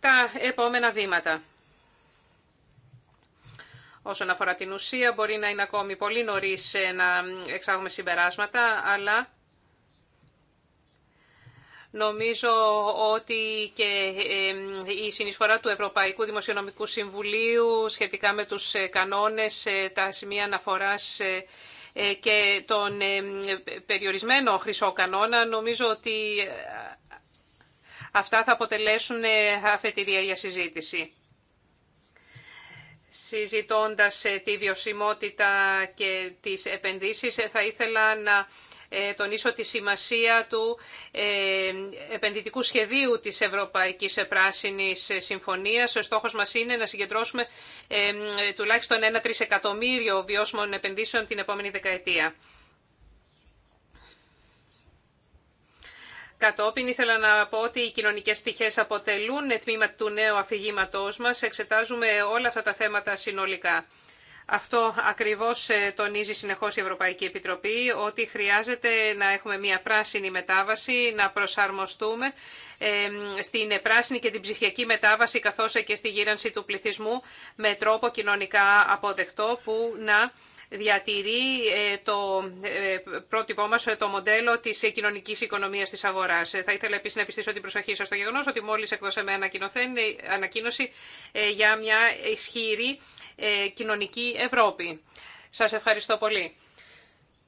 Speaker 2: τα επόμενα βήματα. Όσον αφορά την ουσία, μπορεί να είναι ακόμη πολύ νωρίς να εξάγουμε συμπεράσματα, αλλά Νομίζω ότι και η συνεισφορά του Ευρωπαϊκού Δημοσιονομικού Συμβουλίου σχετικά με τους ε, κανόνες, ε, τα σημεία αναφοράς ε, και τον περιορισμένο χρυσό κανόνα, νομίζω ότι αυτά θα αποτελέσουν αφετηρία για συζήτηση. Συζητώντας τη βιωσιμότητα και τις επενδύσεις, θα ήθελα να ε, τονίσω τη σημασία του ε, επενδυτικού σχεδίου της Ευρωπαϊκής Πράσινης Συμφωνίας. Ο στόχος μας είναι να συγκεντρώσουμε ε, τουλάχιστον ένα τρισεκατομμύριο βιώσιμων επενδύσεων την επόμενη δεκαετία. Κατόπιν ήθελα να πω ότι οι κοινωνικές στοιχές αποτελούν τμήμα του νέου αφηγήματός μας. Εξετάζουμε όλα αυτά τα θέματα συνολικά. Αυτό ακριβώς ε, τονίζει συνεχώς η Ευρωπαϊκή Επιτροπή, ότι χρειάζεται να έχουμε μια πράσινη μετάβαση, να προσαρμοστούμε ε, στην πράσινη και την ψηφιακή μετάβαση, καθώς και στη γύρανση του πληθυσμού, με τρόπο κοινωνικά αποδεκτό που να διατηρεί ε, το ε, πρότυπό μας, ε, το μοντέλο της κοινωνικής οικονομίας της αγοράς. Θα ήθελα επίσης να επιστήσω την προσοχή σας στο γεγονός ότι μόλις εκδώσαμε ανακοίνωση για μια ισχυρή κοινωνική Ευρώπη. Σας ευχαριστώ πολύ.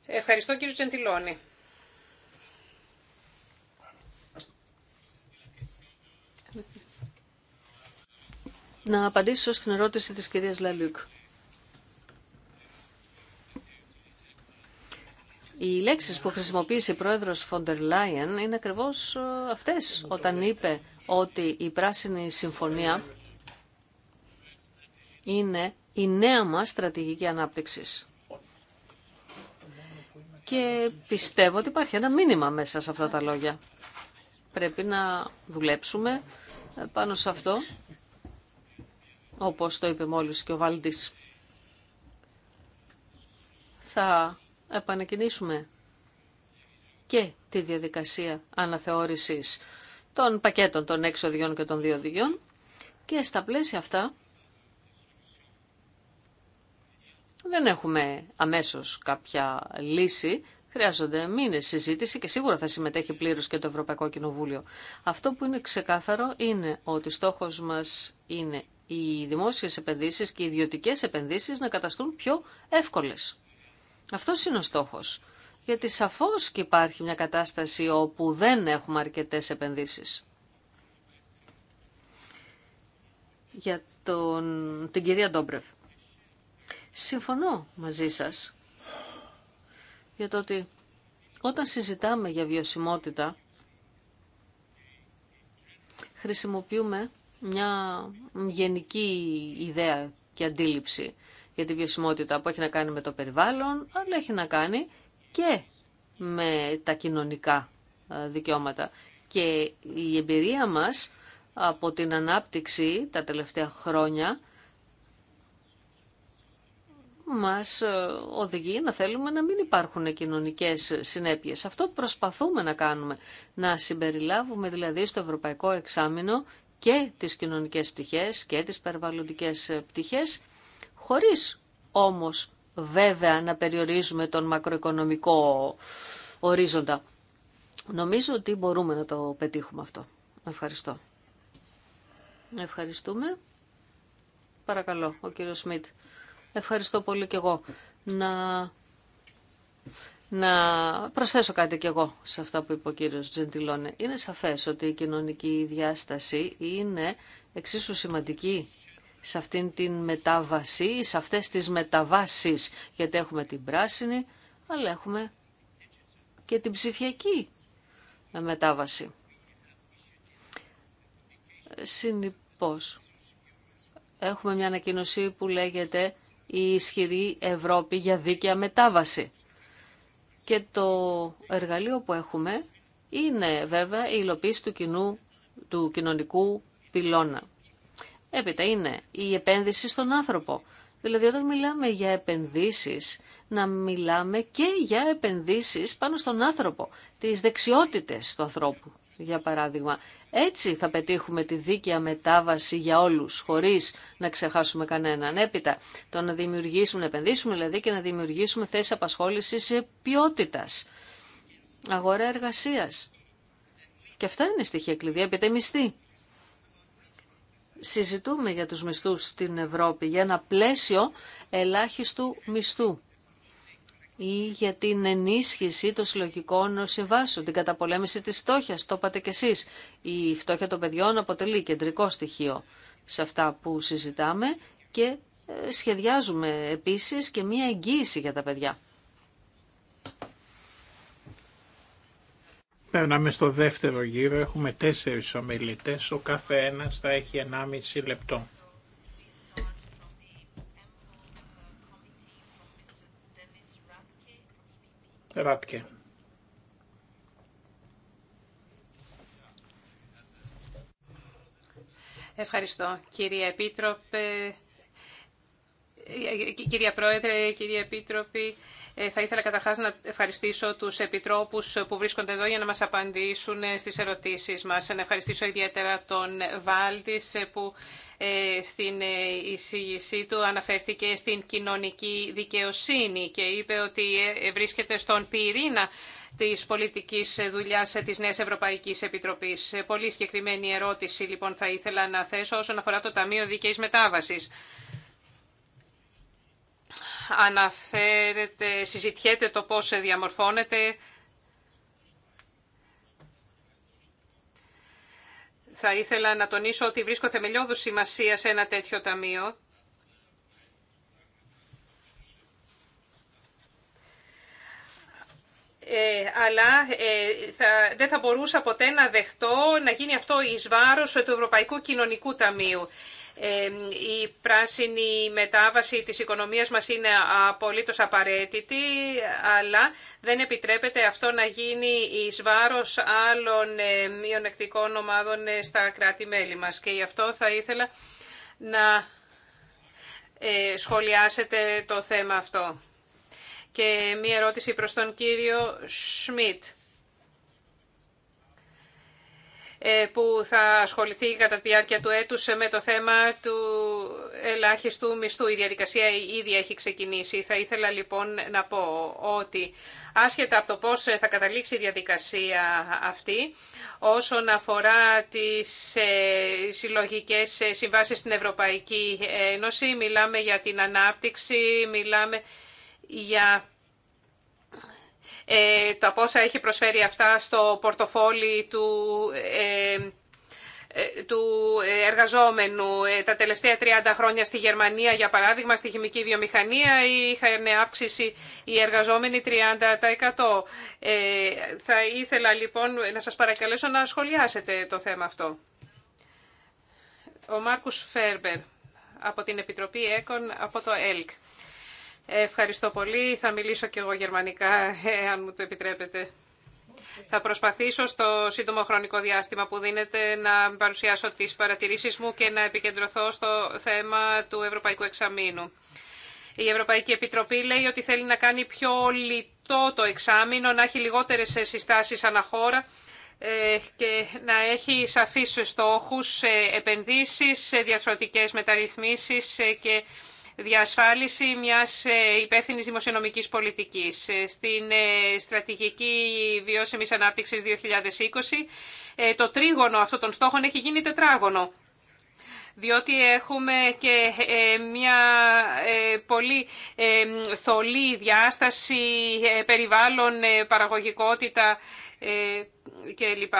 Speaker 2: Ευχαριστώ κύριε Τζεντιλόνη.
Speaker 1: Να απαντήσω στην ερώτηση της κυρίας Λαλούκ. Οι λέξεις που χρησιμοποίησε η πρόεδρος Φοντερ Λάιεν είναι ακριβώς ε, αυτές όταν είπε ότι η Πράσινη Συμφωνία είναι η νέα μας στρατηγική ανάπτυξης. Και πιστεύω ότι υπάρχει ένα μήνυμα μέσα σε αυτά τα λόγια. Πρέπει να δουλέψουμε ε, πάνω σε αυτό, όπως το είπε μόλις και ο Βάλτης. Θα επανακινήσουμε και τη διαδικασία αναθεώρησης των πακέτων των έξι οδηγιών και των δύο οδηγιών και στα πλαίσια αυτά δεν έχουμε αμέσως κάποια λύση, χρειάζονται μήνες συζήτηση και σίγουρα θα συμμετέχει πλήρως και το Ευρωπαϊκό Κοινοβούλιο. Αυτό που είναι ξεκάθαρο είναι ότι στόχος μας είναι οι δημόσιες επενδύσεις και οι ιδιωτικές επενδύσεις να καταστούν πιο εύκολες. Αυτό είναι ο στόχος. Γιατί σαφώ και υπάρχει μια κατάσταση όπου δεν έχουμε αρκετές επενδύσεις. Για τον, την κυρία Ντόμπρεβ. Συμφωνώ μαζί σας για το ότι όταν συζητάμε για βιωσιμότητα χρησιμοποιούμε μια γενική ιδέα και αντίληψη για τη βιωσιμότητα που έχει να κάνει με το περιβάλλον, αλλά έχει να κάνει και με τα κοινωνικά ε, δικαιώματα. Και η εμπειρία μας από την ανάπτυξη τα τελευταία χρόνια μας ε, οδηγεί να θέλουμε να μην υπάρχουν κοινωνικές συνέπειες. Αυτό προσπαθούμε να κάνουμε, να συμπεριλάβουμε δηλαδή στο ευρωπαϊκό εξάμεινο και τις κοινωνικές πτυχές και τις περιβαλλοντικές πτυχές χωρίς όμως βέβαια να περιορίζουμε τον μακροοικονομικό ορίζοντα. Νομίζω ότι μπορούμε να το πετύχουμε αυτό. Ευχαριστώ. Ευχαριστούμε. Παρακαλώ, ο κύριος Σμιτ. Ευχαριστώ πολύ και εγώ. Να, να προσθέσω κάτι κι εγώ σε αυτά που είπε ο κύριος Τζεντιλόνε. Είναι σαφές ότι η κοινωνική διάσταση είναι εξίσου σημαντική σε αυτήν την μετάβαση, σε αυτές τις μεταβάσεις, γιατί έχουμε την πράσινη, αλλά έχουμε και την ψηφιακή μετάβαση. Συνήπως, έχουμε μια ανακοίνωση που λέγεται «Η ισχυρή Ευρώπη για δίκαια μετάβαση». Και το εργαλείο που έχουμε είναι βέβαια η υλοποίηση του, κοινού, του κοινωνικού πυλώνα. Έπειτα είναι η επένδυση στον άνθρωπο. Δηλαδή όταν μιλάμε για επενδύσεις, να μιλάμε και για επενδύσεις πάνω στον άνθρωπο, τις δεξιότητες του ανθρώπου, για παράδειγμα. Έτσι θα πετύχουμε τη δίκαια μετάβαση για όλους, χωρίς να ξεχάσουμε κανέναν. Έπειτα, το να δημιουργήσουμε, να επενδύσουμε δηλαδή και να δημιουργήσουμε θέσεις απασχόλησης ποιότητα, αγορά εργασίας. Και αυτά είναι στοιχεία κλειδιά, επειδή συζητούμε για τους μισθούς στην Ευρώπη, για ένα πλαίσιο ελάχιστου μισθού ή για την ενίσχυση των συλλογικών συμβάσεων, την καταπολέμηση της φτώχειας, το είπατε κι εσείς. Η φτώχεια των παιδιών αποτελεί κεντρικό στοιχείο σε αυτά που συζητάμε και ε, σχεδιάζουμε επίσης και μία εγγύηση για τα
Speaker 3: παιδιά. Περνάμε στο δεύτερο γύρο, έχουμε τέσσερις ομιλητές, ο κάθε ένας θα έχει 1,5 λεπτό. Ράτκε.
Speaker 2: Ευχαριστώ. Κύριε Επίτροπε, κυρία Πρόεδρε, κύριε Επίτροπη, ε, θα ήθελα καταρχά να ευχαριστήσω τους επιτρόπους που βρίσκονται εδώ για να μας απαντήσουν ε, στις ερωτήσεις μας. Να ευχαριστήσω ιδιαίτερα τον Βάλτη που ε, στην εισήγησή του αναφέρθηκε στην κοινωνική δικαιοσύνη και είπε ότι βρίσκεται στον πυρήνα της πολιτικής δουλειά τη νέα Ευρωπαϊκή Επιτροπής. Πολύ συγκεκριμένη ερώτηση λοιπόν θα ήθελα να θέσω όσον αφορά το Ταμείο Δικαίη μετάβαση αναφέρεται, συζητιέται το πώς διαμορφώνεται. Θα ήθελα να τονίσω ότι βρίσκω θεμελιώδους σημασία σε ένα τέτοιο ταμείο. Ε, αλλά ε, θα, δεν θα μπορούσα ποτέ να δεχτώ να γίνει αυτό εις βάρος του Ευρωπαϊκού Κοινωνικού Ταμείου. Η πράσινη μετάβαση της οικονομίας μας είναι απολύτως απαραίτητη, αλλά δεν επιτρέπεται αυτό να γίνει η βάρος άλλων ε, μειονεκτικών ομάδων ε, στα κράτη-μέλη μας. Και γι' αυτό θα ήθελα να ε, σχολιάσετε το θέμα αυτό. Και μία ερώτηση προς τον κύριο Σμιτ. Ε, που θα ασχοληθεί κατά τη διάρκεια του έτους με το θέμα του ελάχιστου μισθού. Η διαδικασία ήδη έχει ξεκινήσει. Θα ήθελα λοιπόν να πω ότι άσχετα από το πώς θα καταλήξει η διαδικασία αυτή, όσον αφορά τις ε, συλλογικές συμβάσει στην Ευρωπαϊκή Ένωση, μιλάμε για την ανάπτυξη, μιλάμε για ε, τα πόσα έχει προσφέρει αυτά στο πορτοφόλι του, ε, ε του εργαζόμενου. Ε, τα τελευταία 30 χρόνια στη Γερμανία, για παράδειγμα, στη χημική βιομηχανία είχαν αύξηση οι εργαζόμενοι 30%. Ε, θα ήθελα λοιπόν να σας παρακαλέσω να σχολιάσετε το θέμα αυτό. Ο Μάρκους Φέρμπερ από την Επιτροπή ΕΚΟΝ από το ΕΛΚ. Ευχαριστώ πολύ. Θα μιλήσω και εγώ γερμανικά, ε, αν μου το επιτρέπετε. Θα προσπαθήσω στο σύντομο χρονικό διάστημα που δίνεται να παρουσιάσω τις παρατηρήσεις μου και να επικεντρωθώ στο θέμα του Ευρωπαϊκού Εξαμήνου. Η Ευρωπαϊκή Επιτροπή λέει ότι θέλει να κάνει πιο λιτό το εξάμεινο, να έχει λιγότερες συστάσεις αναχώρα ε, και να έχει σαφείς στόχους ε, επενδύσεις, διαφορετικές μεταρρυθμίσεις και διασφάλιση μιας ε, υπεύθυνης δημοσιονομικής πολιτικής. Ε, στην ε, στρατηγική βιώσιμης ανάπτυξης 2020, το τρίγωνο αυτών των στόχων έχει γίνει τετράγωνο διότι έχουμε και μια πολύ θολή διάσταση περιβάλλον, παραγωγικότητα κλπ.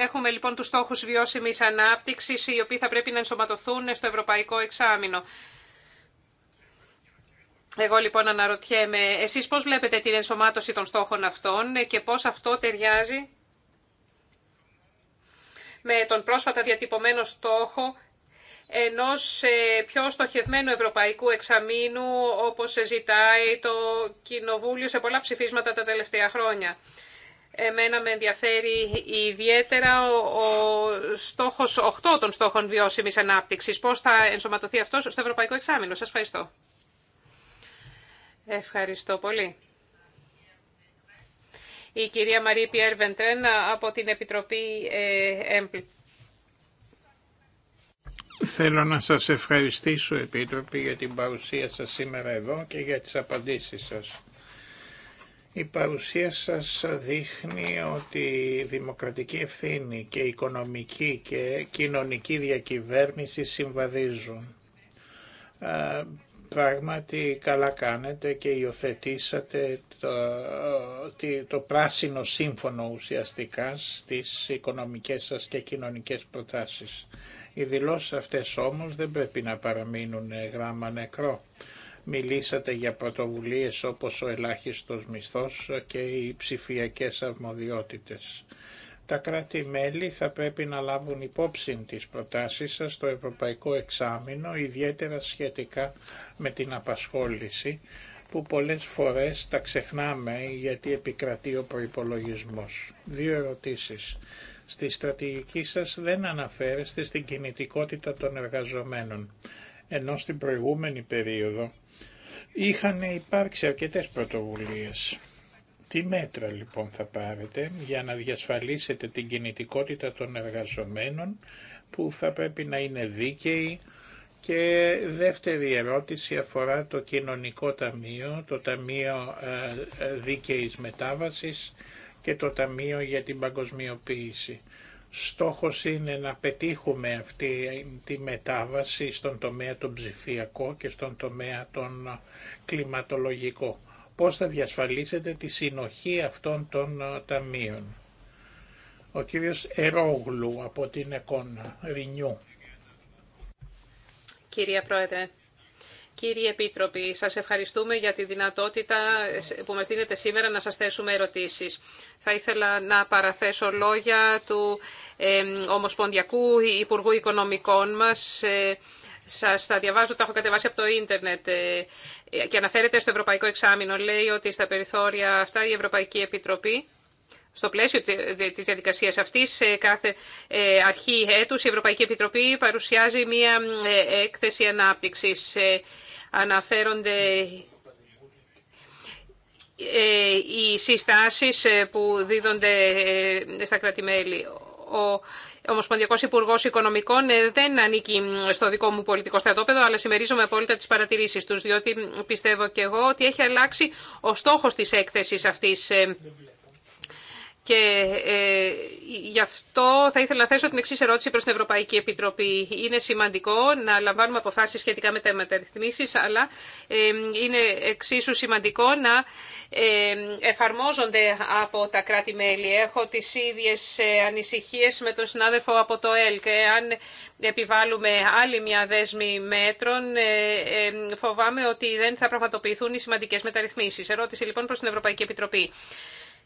Speaker 2: Έχουμε λοιπόν τους στόχους βιώσιμης ανάπτυξης, οι οποίοι θα πρέπει να ενσωματωθούν στο Ευρωπαϊκό Εξάμεινο. Εγώ λοιπόν αναρωτιέμαι, εσείς πώς βλέπετε την ενσωμάτωση των στόχων αυτών και πώς αυτό ταιριάζει με τον πρόσφατα διατυπωμένο στόχο ενός ε, πιο στοχευμένου ευρωπαϊκού εξαμήνου, όπως ζητάει το Κοινοβούλιο σε πολλά ψηφίσματα τα τελευταία χρόνια. Εμένα με ενδιαφέρει ιδιαίτερα ο στόχος 8 των στόχων βιώσιμης ανάπτυξης. Πώς θα ενσωματωθεί αυτό στο ευρωπαϊκό εξάμεινο. Σας ευχαριστώ. Ευχαριστώ πολύ. Η κυρία Μαρία Πιέρ από την Επιτροπή ε, ΕΜΠΛ.
Speaker 3: Θέλω να σας ευχαριστήσω, Επίτροπη, για την παρουσία σας σήμερα εδώ και για τις απαντήσεις σας. Η παρουσία σας δείχνει ότι η δημοκρατική ευθύνη και η οικονομική και κοινωνική διακυβέρνηση συμβαδίζουν. Πράγματι καλά κάνετε και υιοθετήσατε το, το πράσινο σύμφωνο ουσιαστικά στις οικονομικές σας και κοινωνικές προτάσεις. Οι δηλώσεις αυτές όμως δεν πρέπει να παραμείνουν γράμμα νεκρό. Μιλήσατε για πρωτοβουλίες όπως ο ελάχιστος μισθός και οι ψηφιακές αρμοδιότητες. Τα κράτη-μέλη θα πρέπει να λάβουν υπόψη τις προτάσεις σας στο Ευρωπαϊκό Εξάμεινο, ιδιαίτερα σχετικά με την απασχόληση, που πολλές φορές τα ξεχνάμε γιατί επικρατεί ο προϋπολογισμός. Δύο ερωτήσεις. Στη στρατηγική σας δεν αναφέρεστε στην κινητικότητα των εργαζομένων, ενώ στην προηγούμενη περίοδο είχαν υπάρξει αρκετές πρωτοβουλίες. Τι μέτρα λοιπόν θα πάρετε για να διασφαλίσετε την κινητικότητα των εργαζομένων που θα πρέπει να είναι δίκαιοι και δεύτερη ερώτηση αφορά το κοινωνικό ταμείο, το Ταμείο ε, ε, Δίκαιης Μετάβασης και το Ταμείο για την Παγκοσμιοποίηση. Στόχος είναι να πετύχουμε αυτή τη μετάβαση στον τομέα τον ψηφιακό και στον τομέα τον κλιματολογικό πώς θα διασφαλίσετε τη συνοχή αυτών των ε, ταμείων. Ο κύριος Ερόγλου από την Εκόνα, Ρινιού.
Speaker 2: Κυρία Πρόεδρε, κύριοι Επίτροποι, σας ευχαριστούμε για τη δυνατότητα που μας δίνετε σήμερα να σας θέσουμε ερωτήσεις. Θα ήθελα να παραθέσω λόγια του ε, Ομοσπονδιακού Υπουργού Οικονομικών μας, ε, σας τα διαβάζω, τα έχω κατεβάσει από το ίντερνετ ε, και αναφέρεται στο Ευρωπαϊκό Εξάμεινο. Λέει ότι στα περιθώρια αυτά η Ευρωπαϊκή Επιτροπή στο πλαίσιο της διαδικασίας αυτής, σε κάθε ε, αρχή έτους, η Ευρωπαϊκή Επιτροπή παρουσιάζει μία ε, έκθεση ανάπτυξης. Αναφέρονται οι συστάσεις που δίδονται στα κράτη-μέλη. Ο ομοσπονδιακό Υπουργό Οικονομικών ε, δεν ανήκει στο δικό μου πολιτικό στρατόπεδο, αλλά συμμερίζομαι απόλυτα τι παρατηρήσει του, διότι πιστεύω και εγώ ότι έχει αλλάξει ο στόχος της έκθεσης αυτής. Ε, και ε, γι' αυτό θα ήθελα να θέσω την εξή ερώτηση προ την Ευρωπαϊκή Επιτροπή. Είναι σημαντικό να λαμβάνουμε αποφάσει σχετικά με τα μεταρρυθμίσει, αλλά ε, είναι εξίσου σημαντικό να ε, εφαρμόζονται από τα κράτη-μέλη. Έχω τι ίδιε ανησυχίε με τον συνάδελφο από το ΕΛΚ. Αν επιβάλλουμε άλλη μια δέσμη μέτρων, ε, ε, φοβάμαι ότι δεν θα πραγματοποιηθούν οι σημαντικέ μεταρρυθμίσει. Ερώτηση λοιπόν προ την Ευρωπαϊκή Επιτροπή.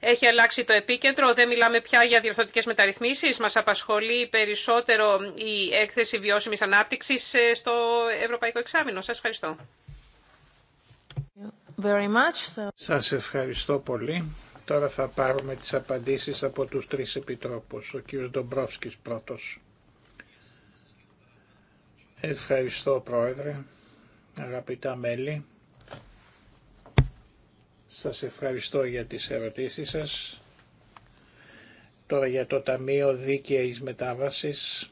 Speaker 2: Έχει αλλάξει το επίκεντρο, δεν μιλάμε πια για διορθωτικέ μεταρρυθμίσεις. Μας απασχολεί περισσότερο η έκθεση βιώσιμης ανάπτυξης ε, στο Ευρωπαϊκό Εξάμεινο. Σας ευχαριστώ. Very
Speaker 3: Σας ευχαριστώ πολύ. Τώρα θα πάρουμε τις απαντήσεις από τους τρεις επιτρόπους. Ο κύριος Ντομπρόφσκης πρώτος. Ευχαριστώ Πρόεδρε, αγαπητά μέλη. Σας ευχαριστώ για τις ερωτήσεις σας. Τώρα για το Ταμείο Δίκαιης Μετάβασης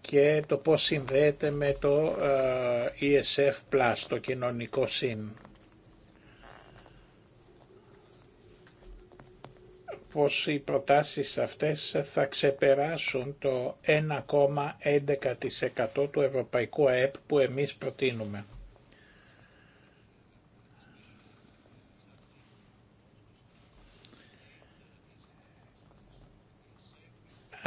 Speaker 3: και το πώς συνδέεται με το ε, ESF+, το κοινωνικό συν. πως οι προτάσεις αυτές θα ξεπεράσουν το 1,11% του ευρωπαϊκού ΑΕΠ που εμείς προτείνουμε.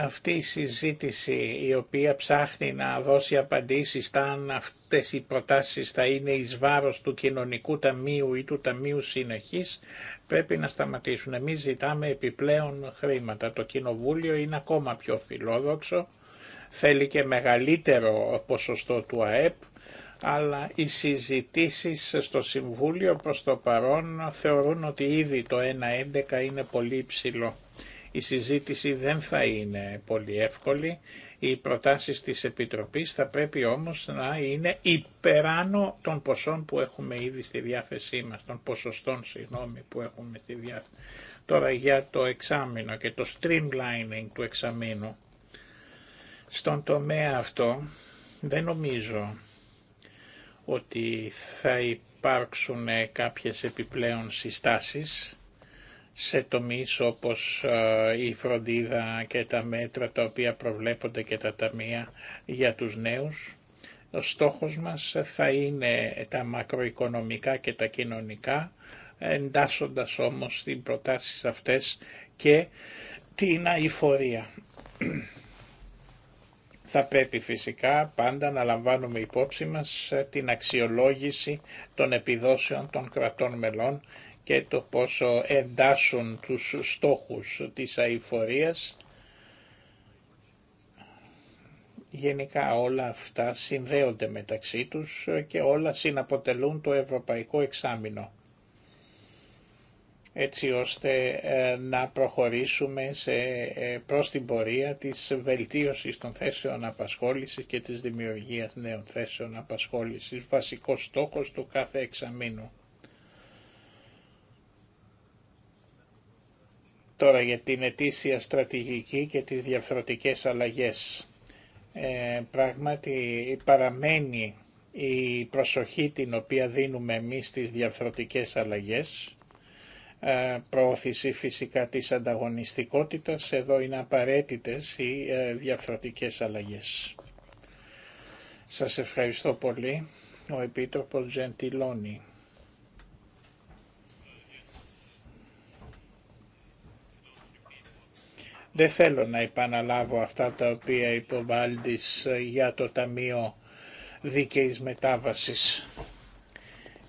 Speaker 3: αυτή η συζήτηση η οποία ψάχνει να δώσει απαντήσεις στα αν αυτές οι προτάσεις θα είναι εις βάρος του κοινωνικού ταμείου ή του ταμείου συνεχής πρέπει να σταματήσουν. Εμείς ζητάμε επιπλέον χρήματα. Το κοινοβούλιο είναι ακόμα πιο φιλόδοξο, θέλει και μεγαλύτερο ποσοστό του ΑΕΠ αλλά οι συζητήσεις στο Συμβούλιο προς το παρόν θεωρούν ότι ήδη το 1.11 είναι πολύ υψηλό. Η συζήτηση δεν θα είναι πολύ εύκολη. Οι προτάσεις της Επιτροπής θα πρέπει όμως να είναι υπεράνω των ποσών που έχουμε ήδη στη διάθεσή μας, των ποσοστών συγγνώμη, που έχουμε στη διάθεση. Τώρα για το εξάμεινο και το streamlining του εξαμήνου. Στον τομέα αυτό δεν νομίζω ότι θα υπάρξουν κάποιες επιπλέον συστάσεις σε τομείς όπως ε, η φροντίδα και τα μέτρα τα οποία προβλέπονται και τα ταμεία για τους νέους. Ο στόχος μας θα είναι τα μακροοικονομικά και τα κοινωνικά, εντάσσοντας όμως την προτάσεις αυτές και την αηφορία. Θα πρέπει φυσικά πάντα να λαμβάνουμε υπόψη μας την αξιολόγηση των επιδόσεων των κρατών μελών και το πόσο εντάσσουν τους στόχους της αηφορίας. Γενικά όλα αυτά συνδέονται μεταξύ τους και όλα συναποτελούν το Ευρωπαϊκό Εξάμεινο έτσι ώστε ε, να προχωρήσουμε σε, ε, προς την πορεία της βελτίωσης των θέσεων απασχόλησης και της δημιουργίας νέων θέσεων απασχόλησης, βασικός στόχος του κάθε εξαμήνου. Τώρα για την ετήσια στρατηγική και τις διαφορετικές αλλαγές. Ε, πράγματι παραμένει η προσοχή την οποία δίνουμε εμείς στις διαφορετικές αλλαγές. Ε, προώθηση φυσικά της ανταγωνιστικότητας. Εδώ είναι απαραίτητες οι ε, διαφορετικές αλλαγές. Σας ευχαριστώ πολύ. Ο Επίτροπος Τζεντιλόνι. Δεν θέλω να επαναλάβω αυτά τα οποία είπε ο ε, για το Ταμείο Δίκαιης Μετάβασης.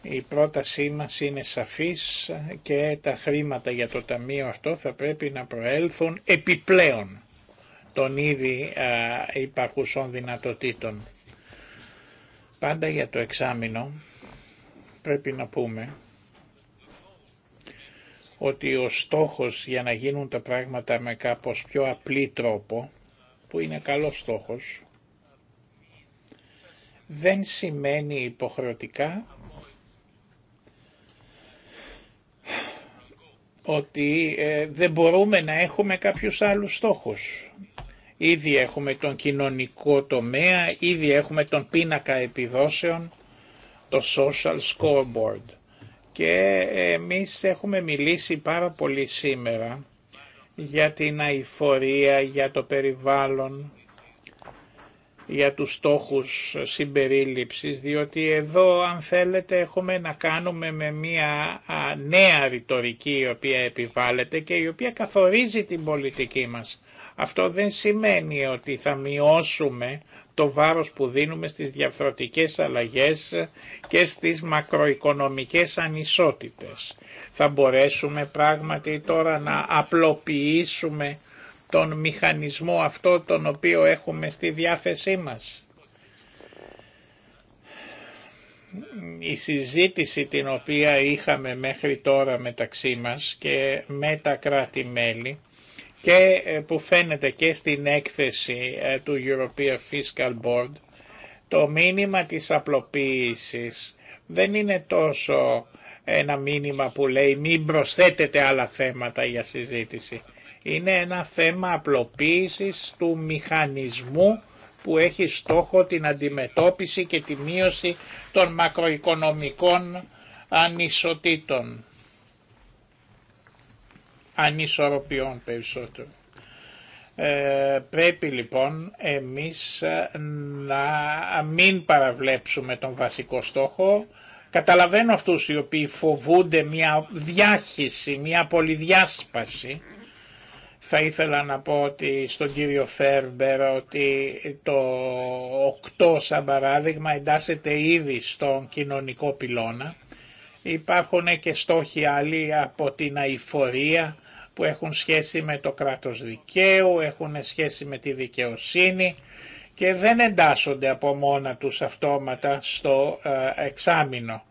Speaker 3: Η πρότασή μας είναι σαφής και τα χρήματα για το Ταμείο αυτό θα πρέπει να προέλθουν επιπλέον των ήδη υπαρχουσών δυνατοτήτων. Πάντα για το εξάμεινο πρέπει να πούμε ότι ο στόχος για να γίνουν τα πράγματα με κάπως πιο απλή τρόπο, που είναι καλός στόχος, δεν σημαίνει υποχρεωτικά ότι ε, δεν μπορούμε να έχουμε κάποιους άλλους στόχους. Ήδη έχουμε τον κοινωνικό τομέα, ήδη έχουμε τον πίνακα επιδόσεων, το social scoreboard. Και εμείς έχουμε μιλήσει πάρα πολύ σήμερα για την αηφορία, για το περιβάλλον, για τους στόχους συμπερίληψης, διότι εδώ αν θέλετε έχουμε να κάνουμε με μια νέα ρητορική η οποία επιβάλλεται και η οποία καθορίζει την πολιτική μας. Αυτό δεν σημαίνει ότι θα μειώσουμε το βάρος που δίνουμε στις διαφθορτικές αλλαγές και στις μακροοικονομικές ανισότητες. Θα μπορέσουμε πράγματι τώρα να απλοποιήσουμε τον μηχανισμό αυτό τον οποίο έχουμε στη διάθεσή μας. Η συζήτηση την οποία είχαμε μέχρι τώρα μεταξύ μας και με τα κράτη-μέλη και ε, που φαίνεται και στην έκθεση ε, του European Fiscal Board, το μήνυμα της απλοποίησης δεν είναι τόσο ένα μήνυμα που λέει μην προσθέτετε άλλα θέματα για συζήτηση. Είναι ένα θέμα απλοποίησης του μηχανισμού που έχει στόχο την αντιμετώπιση και τη μείωση των μακροοικονομικών ανισοτήτων ανισορροπιών περισσότερο. Ε, πρέπει λοιπόν εμείς ε, να μην παραβλέψουμε τον βασικό στόχο. Καταλαβαίνω αυτούς οι οποίοι φοβούνται μια διάχυση, μια πολυδιάσπαση. Θα ήθελα να πω ότι στον κύριο Φέρμπερ ότι το 8 σαν παράδειγμα εντάσσεται ήδη στον κοινωνικό πυλώνα Υπάρχουν και στόχοι άλλοι από την αηφορία που έχουν σχέση με το κράτος δικαίου, έχουν σχέση με τη δικαιοσύνη και δεν εντάσσονται από μόνα τους αυτόματα στο ε, εξάμεινο.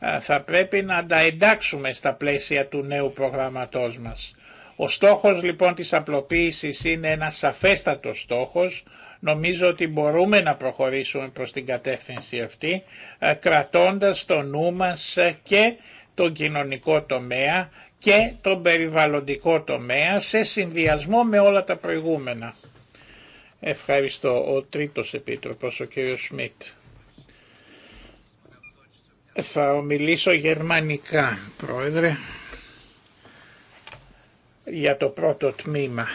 Speaker 3: Ε, θα πρέπει να τα εντάξουμε στα πλαίσια του νέου προγραμματός μας. Ο στόχος λοιπόν της απλοποίησης είναι ένας σαφέστατος στόχος, Νομίζω ότι μπορούμε να προχωρήσουμε προς την κατεύθυνση αυτή ε, κρατώντας το νου μας ε, και τον κοινωνικό τομέα και τον περιβαλλοντικό τομέα σε συνδυασμό με όλα τα προηγούμενα. Ευχαριστώ. Ο τρίτος επίτροπος, ο κύριος Σμιτ. Θα ομιλήσω γερμανικά, πρόεδρε, για το πρώτο τμήμα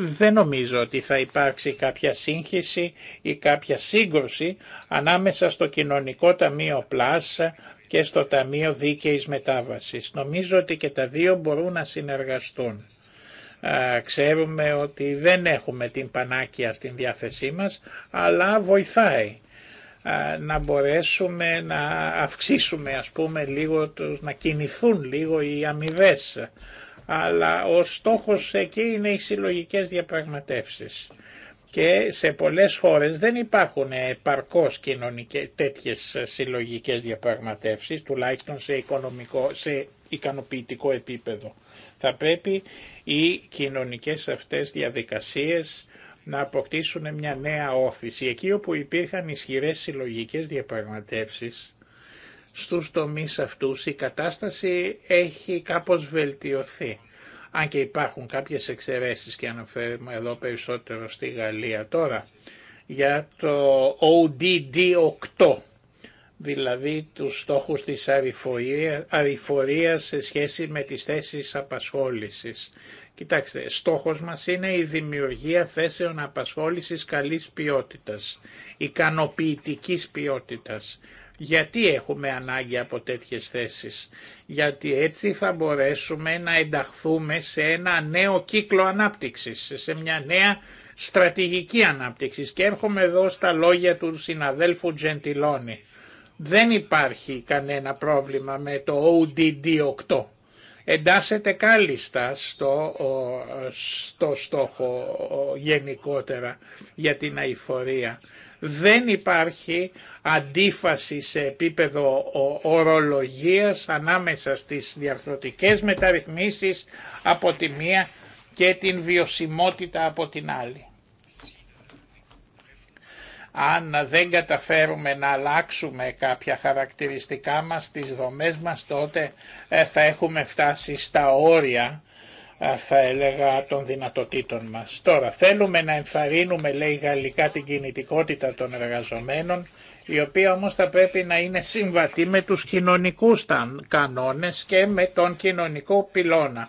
Speaker 3: δεν νομίζω ότι θα υπάρξει κάποια σύγχυση ή κάποια σύγκρουση ανάμεσα στο κοινωνικό ταμείο πλάσα και στο Ταμείο Δίκαιης Μετάβασης. Νομίζω ότι και τα δύο μπορούν να συνεργαστούν. Ξέρουμε ότι δεν έχουμε την πανάκια στην διάθεσή μας, αλλά βοηθάει να μπορέσουμε να αυξήσουμε ας πούμε λίγο, τους, να κινηθούν λίγο οι αμοιβέ αλλά ο στόχος εκεί είναι οι συλλογικές διαπραγματεύσεις. Και σε πολλές χώρες δεν υπάρχουν επαρκώς κοινωνικές, τέτοιες συλλογικές διαπραγματεύσεις, τουλάχιστον σε, οικονομικό, σε ικανοποιητικό επίπεδο. Θα πρέπει οι κοινωνικές αυτές διαδικασίες να αποκτήσουν μια νέα όθηση. Εκεί όπου υπήρχαν ισχυρές συλλογικές διαπραγματεύσεις, στους τομείς αυτούς η κατάσταση έχει κάπως βελτιωθεί. Αν και υπάρχουν κάποιες εξαιρέσεις και αναφέρουμε εδώ περισσότερο στη Γαλλία τώρα για το ODD8 δηλαδή τους στόχους της αριφορίας σε σχέση με τις θέσεις απασχόλησης. Κοιτάξτε, στόχος μας είναι η δημιουργία θέσεων απασχόλησης καλής ποιότητας, ικανοποιητικής ποιότητας. Γιατί έχουμε ανάγκη από τέτοιες θέσεις. Γιατί έτσι θα μπορέσουμε να ενταχθούμε σε ένα νέο κύκλο ανάπτυξης, σε μια νέα στρατηγική ανάπτυξης. Και έρχομαι εδώ στα λόγια του συναδέλφου Τζεντιλόνη. Δεν υπάρχει κανένα πρόβλημα με το ODD 8 εντάσσεται κάλλιστα στο, στο στόχο γενικότερα για την αηφορία. Δεν υπάρχει αντίφαση σε επίπεδο ορολογίας ανάμεσα στις διαρθρωτικές μεταρρυθμίσεις από τη μία και την βιωσιμότητα από την άλλη. Αν δεν καταφέρουμε να αλλάξουμε κάποια χαρακτηριστικά μας, τις δομές μας, τότε ε, θα έχουμε φτάσει στα όρια ε, θα έλεγα των δυνατοτήτων μας. Τώρα θέλουμε να εμφαρίνουμε, λέει γαλλικά την κινητικότητα των εργαζομένων η οποία όμως θα πρέπει να είναι συμβατή με τους κοινωνικούς κανόνες και με τον κοινωνικό πυλώνα.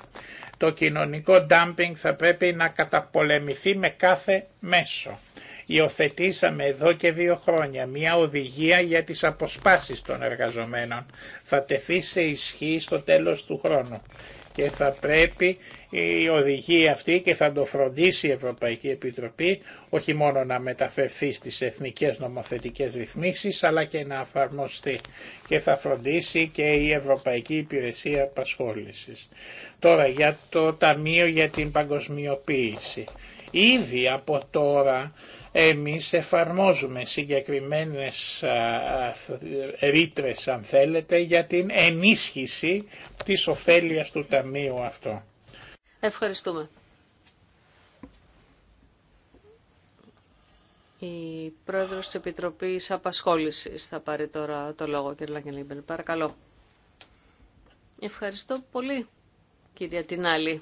Speaker 3: Το κοινωνικό dumping θα πρέπει να καταπολεμηθεί με κάθε μέσο. Υιοθετήσαμε εδώ και δύο χρόνια μια οδηγία για τις αποσπάσεις των εργαζομένων. Θα τεθεί σε ισχύ στο τέλος του χρόνου και θα πρέπει η οδηγία αυτή και θα το φροντίσει η Ευρωπαϊκή Επιτροπή όχι μόνο να μεταφερθεί στις εθνικές νομοθετικές ρυθμίσεις αλλά και να αφαρμοστεί και θα φροντίσει και η Ευρωπαϊκή Υπηρεσία Απασχόλησης. Τώρα για το Ταμείο για την Παγκοσμιοποίηση. Ήδη από τώρα εμείς εφαρμόζουμε συγκεκριμένες ρήτρε αν θέλετε, για την ενίσχυση της ωφέλειας του Ταμείου αυτό.
Speaker 1: Ευχαριστούμε. Η πρόεδρος της Επιτροπής Απασχόλησης θα πάρει τώρα το λόγο, κύριε Λαγκελίμπελ. Παρακαλώ. Ευχαριστώ πολύ, κυρία Τινάλη.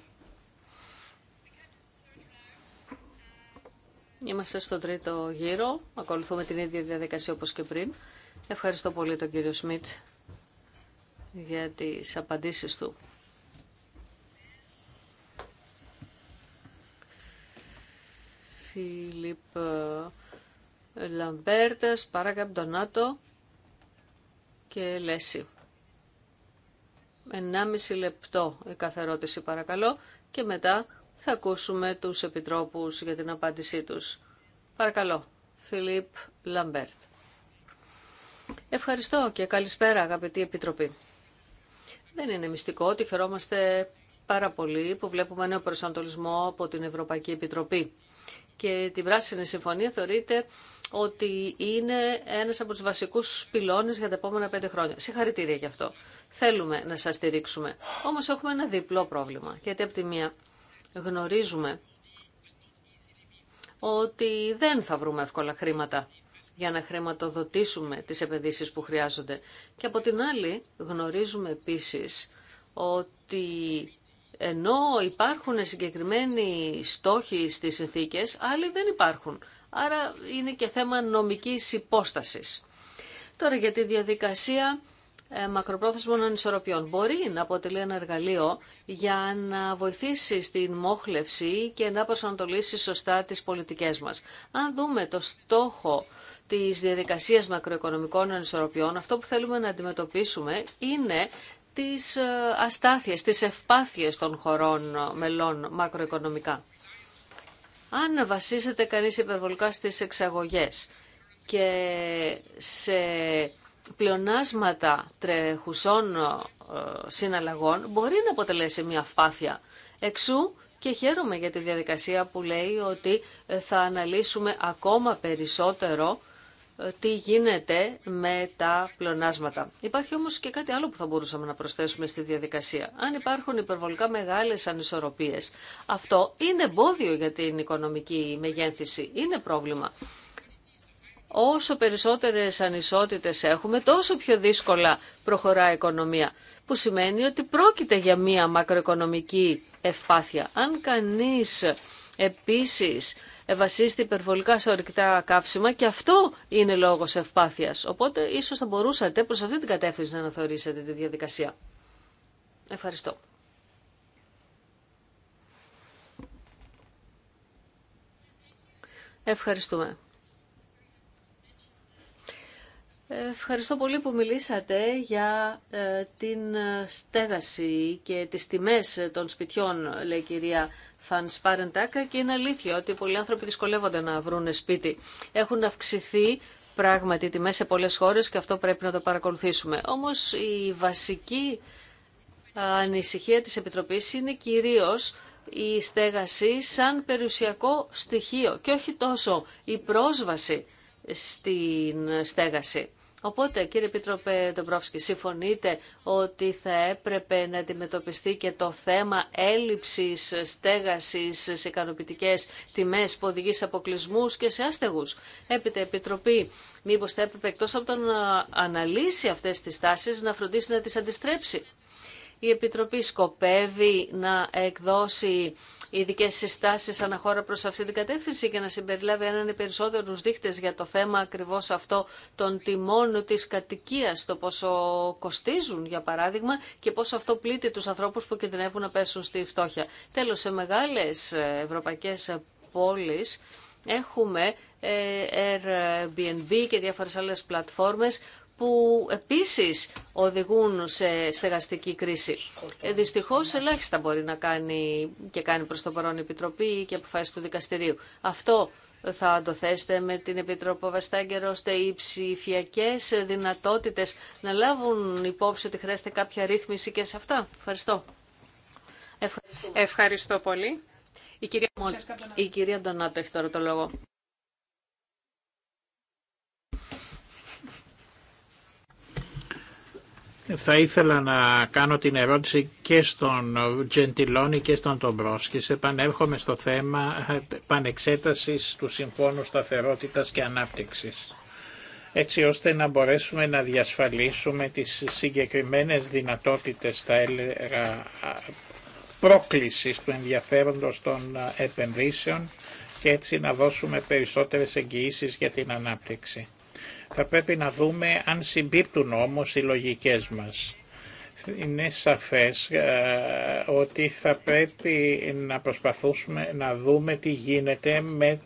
Speaker 1: Είμαστε στο τρίτο γύρο. Ακολουθούμε την ίδια διαδικασία όπως και πριν. Ευχαριστώ πολύ τον κύριο Σμιτ για τις απαντήσεις του. Φίλιπ ε, Λαμπέρτας, Παράκαμπ Ντονάτο και Λέση. 1,5 λεπτό η κάθε παρακαλώ και μετά θα ακούσουμε τους επιτρόπους για την απάντησή τους. Παρακαλώ, Φιλίπ Λαμπέρτ. Ευχαριστώ και καλησπέρα αγαπητή Επιτροπή. Δεν είναι μυστικό ότι χαιρόμαστε πάρα πολύ που βλέπουμε νέο προσανατολισμό από την Ευρωπαϊκή Επιτροπή. Και την Πράσινη Συμφωνία θεωρείται ότι είναι ένας από τους βασικούς πυλώνες για τα επόμενα πέντε χρόνια. Συγχαρητήρια γι' αυτό. Θέλουμε να σας στηρίξουμε. Όμως έχουμε ένα διπλό πρόβλημα. Γιατί από τη μία γνωρίζουμε ότι δεν θα βρούμε εύκολα χρήματα για να χρηματοδοτήσουμε τις επενδύσεις που χρειάζονται. Και από την άλλη γνωρίζουμε επίσης ότι ενώ υπάρχουν συγκεκριμένοι στόχοι στις συνθήκες, άλλοι δεν υπάρχουν. Άρα είναι και θέμα νομικής υπόστασης. Τώρα για τη διαδικασία ε, μακροπρόθεσμων ανισορροπιών. Μπορεί να αποτελεί ένα εργαλείο για να βοηθήσει στην μόχλευση και να προσανατολίσει σωστά τις πολιτικές μας. Αν δούμε το στόχο της διαδικασίας μακροοικονομικών ανισορροπιών, αυτό που θέλουμε να αντιμετωπίσουμε είναι τις ε, αστάθειες, τις ευπάθειες των χωρών μελών μακροοικονομικά. Αν βασίζεται κανείς υπερβολικά στις εξαγωγές και σε πλεονάσματα τρεχουσών ε, συναλλαγών μπορεί να αποτελέσει μια αυπάθεια. Εξού και χαίρομαι για τη διαδικασία που λέει ότι ε, θα αναλύσουμε ακόμα περισσότερο ε, τι γίνεται με τα πλονάσματα. Υπάρχει όμως και κάτι άλλο που θα μπορούσαμε να προσθέσουμε στη διαδικασία. Αν υπάρχουν υπερβολικά μεγάλες ανισορροπίες, αυτό είναι εμπόδιο για την οικονομική μεγένθηση, είναι πρόβλημα όσο περισσότερες ανισότητες έχουμε, τόσο πιο δύσκολα προχωρά η οικονομία. Που σημαίνει ότι πρόκειται για μία μακροοικονομική ευπάθεια. Αν κανείς επίσης βασίστη υπερβολικά σε ορυκτά καύσιμα και αυτό είναι λόγος ευπάθειας. Οπότε ίσως θα μπορούσατε προς αυτή την κατεύθυνση να αναθεωρήσετε τη διαδικασία. Ευχαριστώ. Ευχαριστούμε. Ευχαριστώ πολύ που μιλήσατε για ε, την στέγαση και τις τιμές των σπιτιών, λέει η κυρία Φαν Σπάρεντάκα, και είναι αλήθεια ότι πολλοί άνθρωποι δυσκολεύονται να βρουν σπίτι. Έχουν αυξηθεί πράγματι τιμές σε πολλές χώρες και αυτό πρέπει να το παρακολουθήσουμε. Όμως η βασική ανησυχία της Επιτροπής είναι κυρίως η στέγαση σαν περιουσιακό στοιχείο και όχι τόσο η πρόσβαση στην στέγαση. Οπότε, κύριε Επίτροπε Ντομπρόφσκι, συμφωνείτε ότι θα έπρεπε να αντιμετωπιστεί και το θέμα έλλειψης στέγασης σε ικανοποιητικέ τιμές που οδηγεί σε αποκλεισμούς και σε άστεγους. Έπειτα, Επιτροπή, μήπως θα έπρεπε εκτός από το να αναλύσει αυτές τις τάσεις, να φροντίσει να τις αντιστρέψει. Η Επιτροπή σκοπεύει να εκδώσει ειδικέ συστάσεις αναχώρα προς αυτή την κατεύθυνση και να συμπεριλάβει έναν ή περισσότερους δείχτες για το θέμα ακριβώς αυτό των τιμών της κατοικία, το πόσο κοστίζουν για παράδειγμα και πόσο αυτό πλήττει τους ανθρώπους που κινδυνεύουν να πέσουν στη φτώχεια. Τέλος, σε μεγάλες ε, ευρωπαϊκές πόλεις έχουμε ε, Airbnb και διάφορες άλλες πλατφόρμες που επίσης οδηγούν σε στεγαστική κρίση. Ε, δυστυχώς ελάχιστα μπορεί να κάνει και κάνει προς το παρόν η Επιτροπή και αποφάσεις του δικαστηρίου. Αυτό θα το θέσετε με την Επιτροπή Βαστάγκερ ώστε οι ψηφιακέ δυνατότητες να λάβουν υπόψη ότι χρειάζεται κάποια ρύθμιση και σε αυτά. Ευχαριστώ. Ευχαριστώ πολύ. Η κυρία, η κυρία Ντονάτο έχει τώρα το λόγο.
Speaker 3: Θα ήθελα να κάνω την ερώτηση και στον Τζεντιλόνι και στον Τομπρόσκης. Επανέρχομαι στο θέμα πανεξέτασης του Συμφώνου Σταθερότητας και Ανάπτυξης έτσι ώστε να μπορέσουμε να διασφαλίσουμε τις συγκεκριμένες δυνατότητες, θα έλεγα, πρόκλησης του ενδιαφέροντος των επενδύσεων και έτσι να δώσουμε περισσότερες εγγυήσεις για την ανάπτυξη. Θα πρέπει να δούμε αν συμπίπτουν όμως οι λογικές μας. Είναι σαφές ε, ότι θα πρέπει να προσπαθούμε να δούμε τι γίνεται με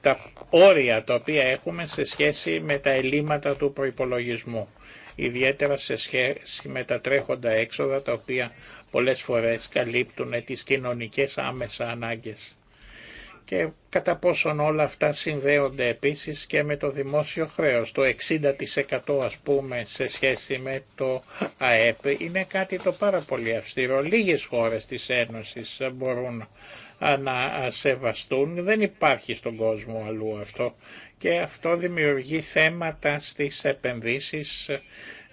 Speaker 3: τα όρια τα οποία έχουμε σε σχέση με τα ελλείμματα του προϋπολογισμού. Ιδιαίτερα σε σχέση με τα τρέχοντα έξοδα τα οποία πολλές φορές καλύπτουν τις κοινωνικές άμεσα ανάγκες και κατά πόσον όλα αυτά συνδέονται επίσης και με το δημόσιο χρέος. Το 60% ας πούμε σε σχέση με το ΑΕΠ είναι κάτι το πάρα πολύ αυστηρό. Λίγες χώρες της Ένωσης μπορούν να σεβαστούν. Δεν υπάρχει στον κόσμο αλλού αυτό και αυτό δημιουργεί θέματα στις επενδύσεις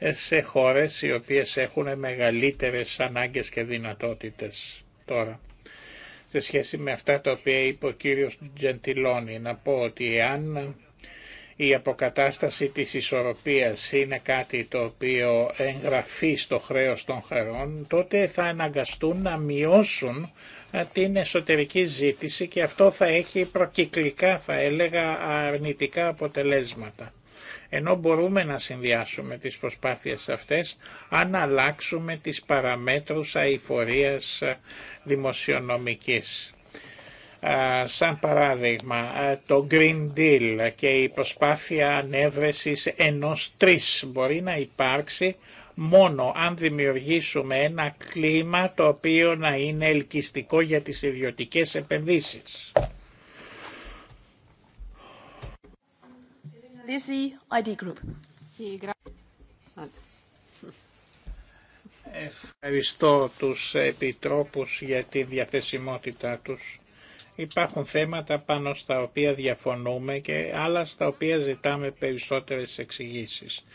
Speaker 3: σε χώρες οι οποίες έχουν μεγαλύτερες ανάγκες και δυνατότητες τώρα σε σχέση με αυτά τα οποία είπε ο κύριος Τζεντιλόνι. Να πω ότι αν η αποκατάσταση της ισορροπίας είναι κάτι το οποίο εγγραφεί στο χρέος των χαρών, τότε θα αναγκαστούν να μειώσουν ε, την εσωτερική ζήτηση και αυτό θα έχει προκυκλικά, θα έλεγα, αρνητικά αποτελέσματα ενώ μπορούμε να συνδυάσουμε τις προσπάθειες αυτές αν αλλάξουμε τις παραμέτρους αηφορίας ε, δημοσιονομικής. Σαν παράδειγμα ε, το Green Deal και η προσπάθεια ανέβρεσης ενός τρεις μπορεί να υπάρξει μόνο αν δημιουργήσουμε ένα κλίμα το οποίο να είναι ελκυστικό για τις ιδιωτικές επενδύσεις.
Speaker 4: ID
Speaker 3: Ευχαριστώ τους επιτρόπους για τη διαθεσιμότητά τους. Υπάρχουν θέματα πάνω στα οποία διαφωνούμε και άλλα στα οποία ζητάμε περισσότερες εξηγήσεις.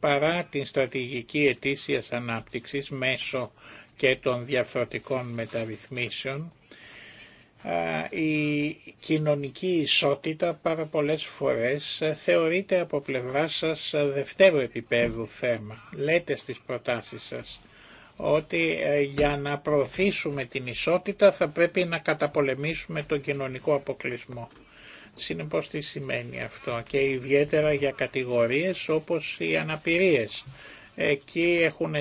Speaker 3: Παρά την στρατηγική ετήσιας ανάπτυξης μέσω και των διαφορετικών μεταρρυθμίσεων, η κοινωνική ισότητα πάρα πολλές φορές θεωρείται από πλευρά σας δεύτερο επίπεδου θέμα. Λέτε στις προτάσεις σας ότι ε, για να προωθήσουμε την ισότητα θα πρέπει να καταπολεμήσουμε τον κοινωνικό αποκλεισμό. Συνεπώς τι σημαίνει αυτό και ιδιαίτερα για κατηγορίες όπως οι αναπηρίες. Εκεί έχουν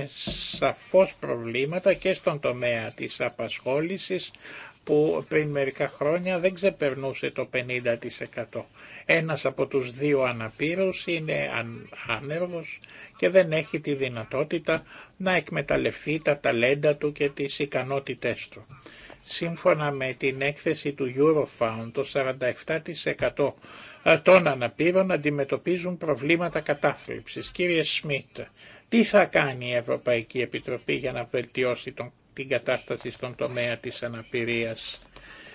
Speaker 3: σαφώς προβλήματα και στον τομέα της απασχόλησης που πριν μερικά χρόνια δεν ξεπερνούσε το 50%. Ένας από τους δύο αναπήρους είναι άνεργος και δεν έχει τη δυνατότητα να εκμεταλλευτεί τα ταλέντα του και τις ικανότητές του. Σύμφωνα με την έκθεση του Eurofound, το 47% ε, των αναπήρων αντιμετωπίζουν προβλήματα κατάθλιψης. Κύριε Σμιτ, τι θα κάνει η Ευρωπαϊκή Επιτροπή για να βελτιώσει τον την κατάσταση στον τομέα της αναπηρίας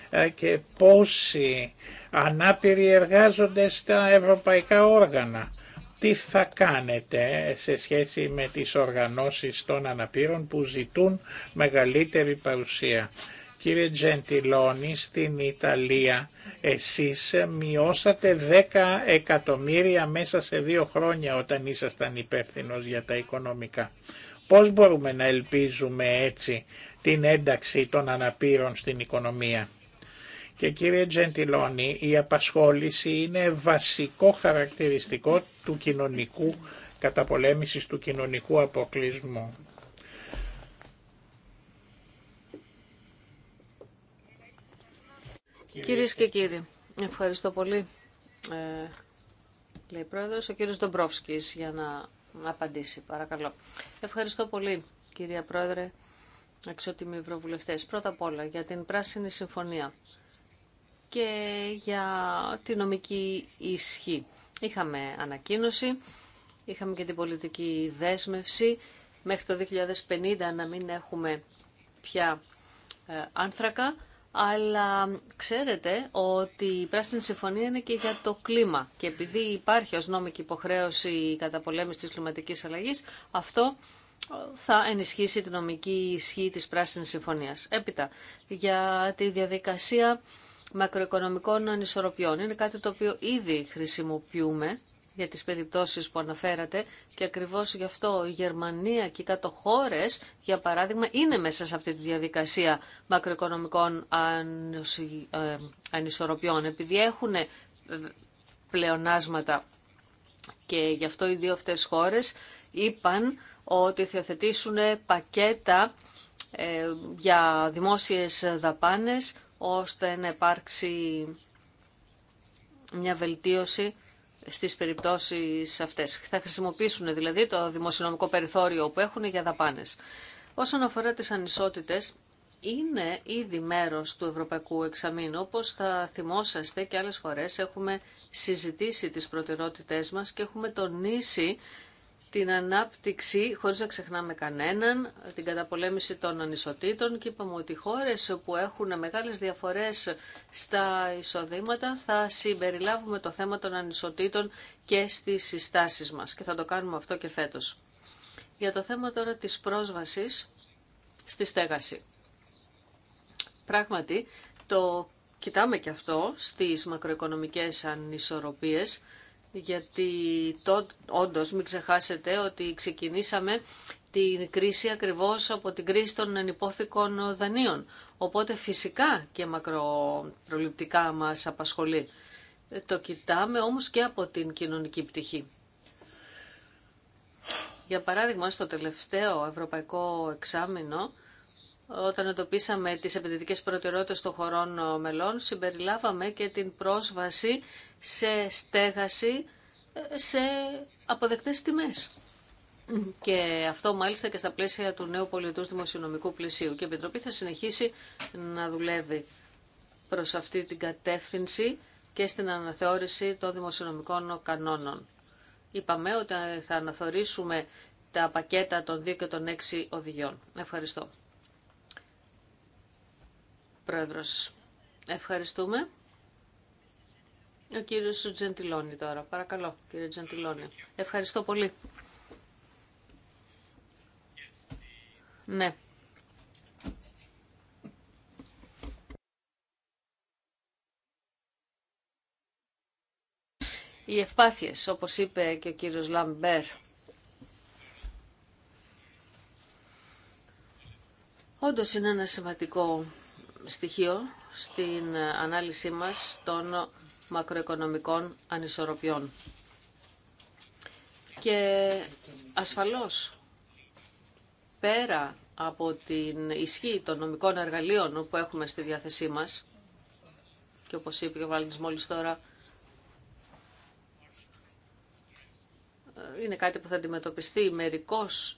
Speaker 3: ε, και πόσοι ανάπηροι εργάζονται στα ευρωπαϊκά όργανα. Τι θα κάνετε ε, σε σχέση με τις οργανώσεις των αναπήρων που ζητούν μεγαλύτερη παρουσία. Κύριε Τζεντιλόνι, στην Ιταλία εσείς μειώσατε 10 εκατομμύρια μέσα σε δύο χρόνια όταν ήσασταν υπεύθυνος για τα οικονομικά. Πώς μπορούμε να ελπίζουμε έτσι την ένταξη των αναπήρων στην οικονομία. Και κύριε Τζεντιλόνι, η απασχόληση είναι βασικό χαρακτηριστικό του κοινωνικού καταπολέμησης του κοινωνικού αποκλεισμού.
Speaker 4: Κυρίες
Speaker 1: και κύριοι, ευχαριστώ πολύ. Ε, λέει πρόεδρος, ο κύριος Ντομπρόφσκης για να απαντήσει. Παρακαλώ. Ευχαριστώ πολύ, κυρία Πρόεδρε, αξιότιμοι Ευρωβουλευτέ. Πρώτα απ' όλα για την Πράσινη Συμφωνία και για τη νομική ισχύ. Είχαμε ανακοίνωση, είχαμε και την πολιτική δέσμευση μέχρι το 2050 να μην έχουμε πια ε, άνθρακα αλλά ξέρετε ότι η Πράσινη Συμφωνία είναι και για το κλίμα και επειδή υπάρχει ως νόμικη υποχρέωση η καταπολέμηση της κλιματικής αλλαγής, αυτό ε, θα ενισχύσει την νομική ισχύ της Πράσινης Συμφωνίας. Έπειτα, για τη διαδικασία μακροοικονομικών ανισορροπιών. Είναι κάτι το οποίο ήδη χρησιμοποιούμε για τις περιπτώσεις που αναφέρατε και ακριβώς γι' αυτό η Γερμανία και οι κάτω χώρες, για παράδειγμα, είναι μέσα σε αυτή τη διαδικασία μακροοικονομικών ε, ανισορροπιών, επειδή έχουν ε, πλεονάσματα και γι' αυτό οι δύο αυτές χώρες είπαν ότι θα πακέτα ε, για δημόσιες δαπάνες ώστε να υπάρξει μια βελτίωση στις περιπτώσεις αυτές. Θα χρησιμοποιήσουν δηλαδή το δημοσιονομικό περιθώριο που έχουν για δαπάνες. Όσον αφορά τις ανισότητες, είναι ήδη μέρος του Ευρωπαϊκού Εξαμήνου. Όπως θα θυμόσαστε και άλλες φορές έχουμε συζητήσει τις προτεραιότητές μας και έχουμε τονίσει την ανάπτυξη, χωρίς να ξεχνάμε κανέναν, την καταπολέμηση των ανισοτήτων και είπαμε ότι οι χώρες που έχουν μεγάλες διαφορές στα εισοδήματα θα συμπεριλάβουμε το θέμα των ανισοτήτων και στις συστάσεις μας και θα το κάνουμε αυτό και φέτος. Για το θέμα τώρα της πρόσβασης στη στέγαση. Πράγματι, το κοιτάμε και αυτό στις μακροοικονομικές ανισορροπίες, γιατί τότε, όντως μην ξεχάσετε ότι ξεκινήσαμε την κρίση ακριβώς από την κρίση των ανυπόθηκων δανείων. Οπότε φυσικά και μακροπροληπτικά μας απασχολεί. Ε, το κοιτάμε όμως και από την κοινωνική πτυχή. Για παράδειγμα, στο τελευταίο ευρωπαϊκό εξάμεινο όταν εντοπίσαμε τις επενδυτικές προτεραιότητες των χωρών μελών, συμπεριλάβαμε και την πρόσβαση σε στέγαση σε αποδεκτές τιμές. Και αυτό μάλιστα και στα πλαίσια του νέου πολιτού δημοσιονομικού πλαισίου. Και η Επιτροπή θα συνεχίσει να δουλεύει προς αυτή την κατεύθυνση και στην αναθεώρηση των δημοσιονομικών κανόνων. Είπαμε ότι θα αναθεωρήσουμε τα πακέτα των 2 και των 6 οδηγιών. Ευχαριστώ. Πρόεδρος. Ευχαριστούμε. Ο κύριος Τζεντιλόνι τώρα. Παρακαλώ, κύριε Τζεντιλόνι. Ευχαριστώ πολύ. Ναι. Οι ευπάθειες, όπως είπε και ο κύριος Λαμπέρ, όντως είναι ένα σημαντικό στοιχείο στην ανάλυση μας των μακροοικονομικών ανισορροπιών. Και ασφαλώς, πέρα από την ισχύ των νομικών εργαλείων που έχουμε στη διάθεσή μας, και όπως είπε και ο Βάλτης μόλις τώρα, ε, είναι κάτι που θα αντιμετωπιστεί μερικώς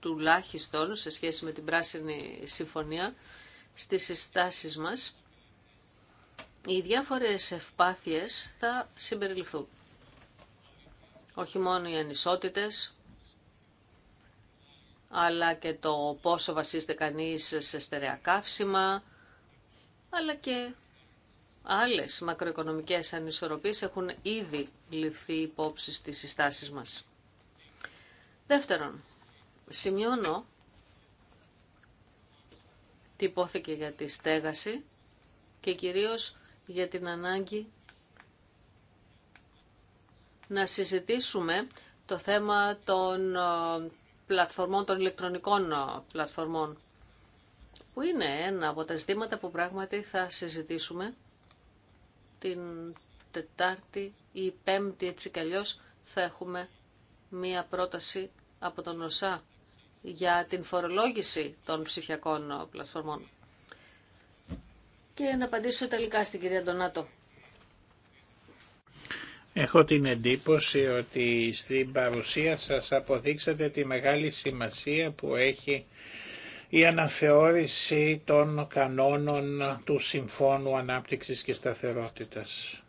Speaker 1: τουλάχιστον σε σχέση με την Πράσινη Συμφωνία στις συστάσεις μας, οι διάφορες ευπάθειες θα συμπεριληφθούν. Όχι μόνο οι ανισότητες, αλλά και το πόσο βασίζεται κανείς σε στερεά καύσιμα, αλλά και άλλες μακροοικονομικές ανισορροπίες έχουν ήδη ληφθεί υπόψη στις συστάσεις μας. Δεύτερον, σημειώνω τι για τη στέγαση και κυρίως για την ανάγκη να συζητήσουμε το θέμα των ε, πλατφορμών, των ηλεκτρονικών ε, πλατφορμών, που είναι ένα από τα ζητήματα που πράγματι θα συζητήσουμε την Τετάρτη ή Πέμπτη, έτσι κι θα έχουμε μία πρόταση από τον Ωσά για την φορολόγηση των ψηφιακών πλατφορμών. Και να απαντήσω τελικά στην κυρία Ντονάτο.
Speaker 3: Έχω την εντύπωση ότι στην παρουσία σας αποδείξατε τη μεγάλη σημασία που έχει η αναθεώρηση των κανόνων του Συμφώνου Ανάπτυξης και Σταθερότητας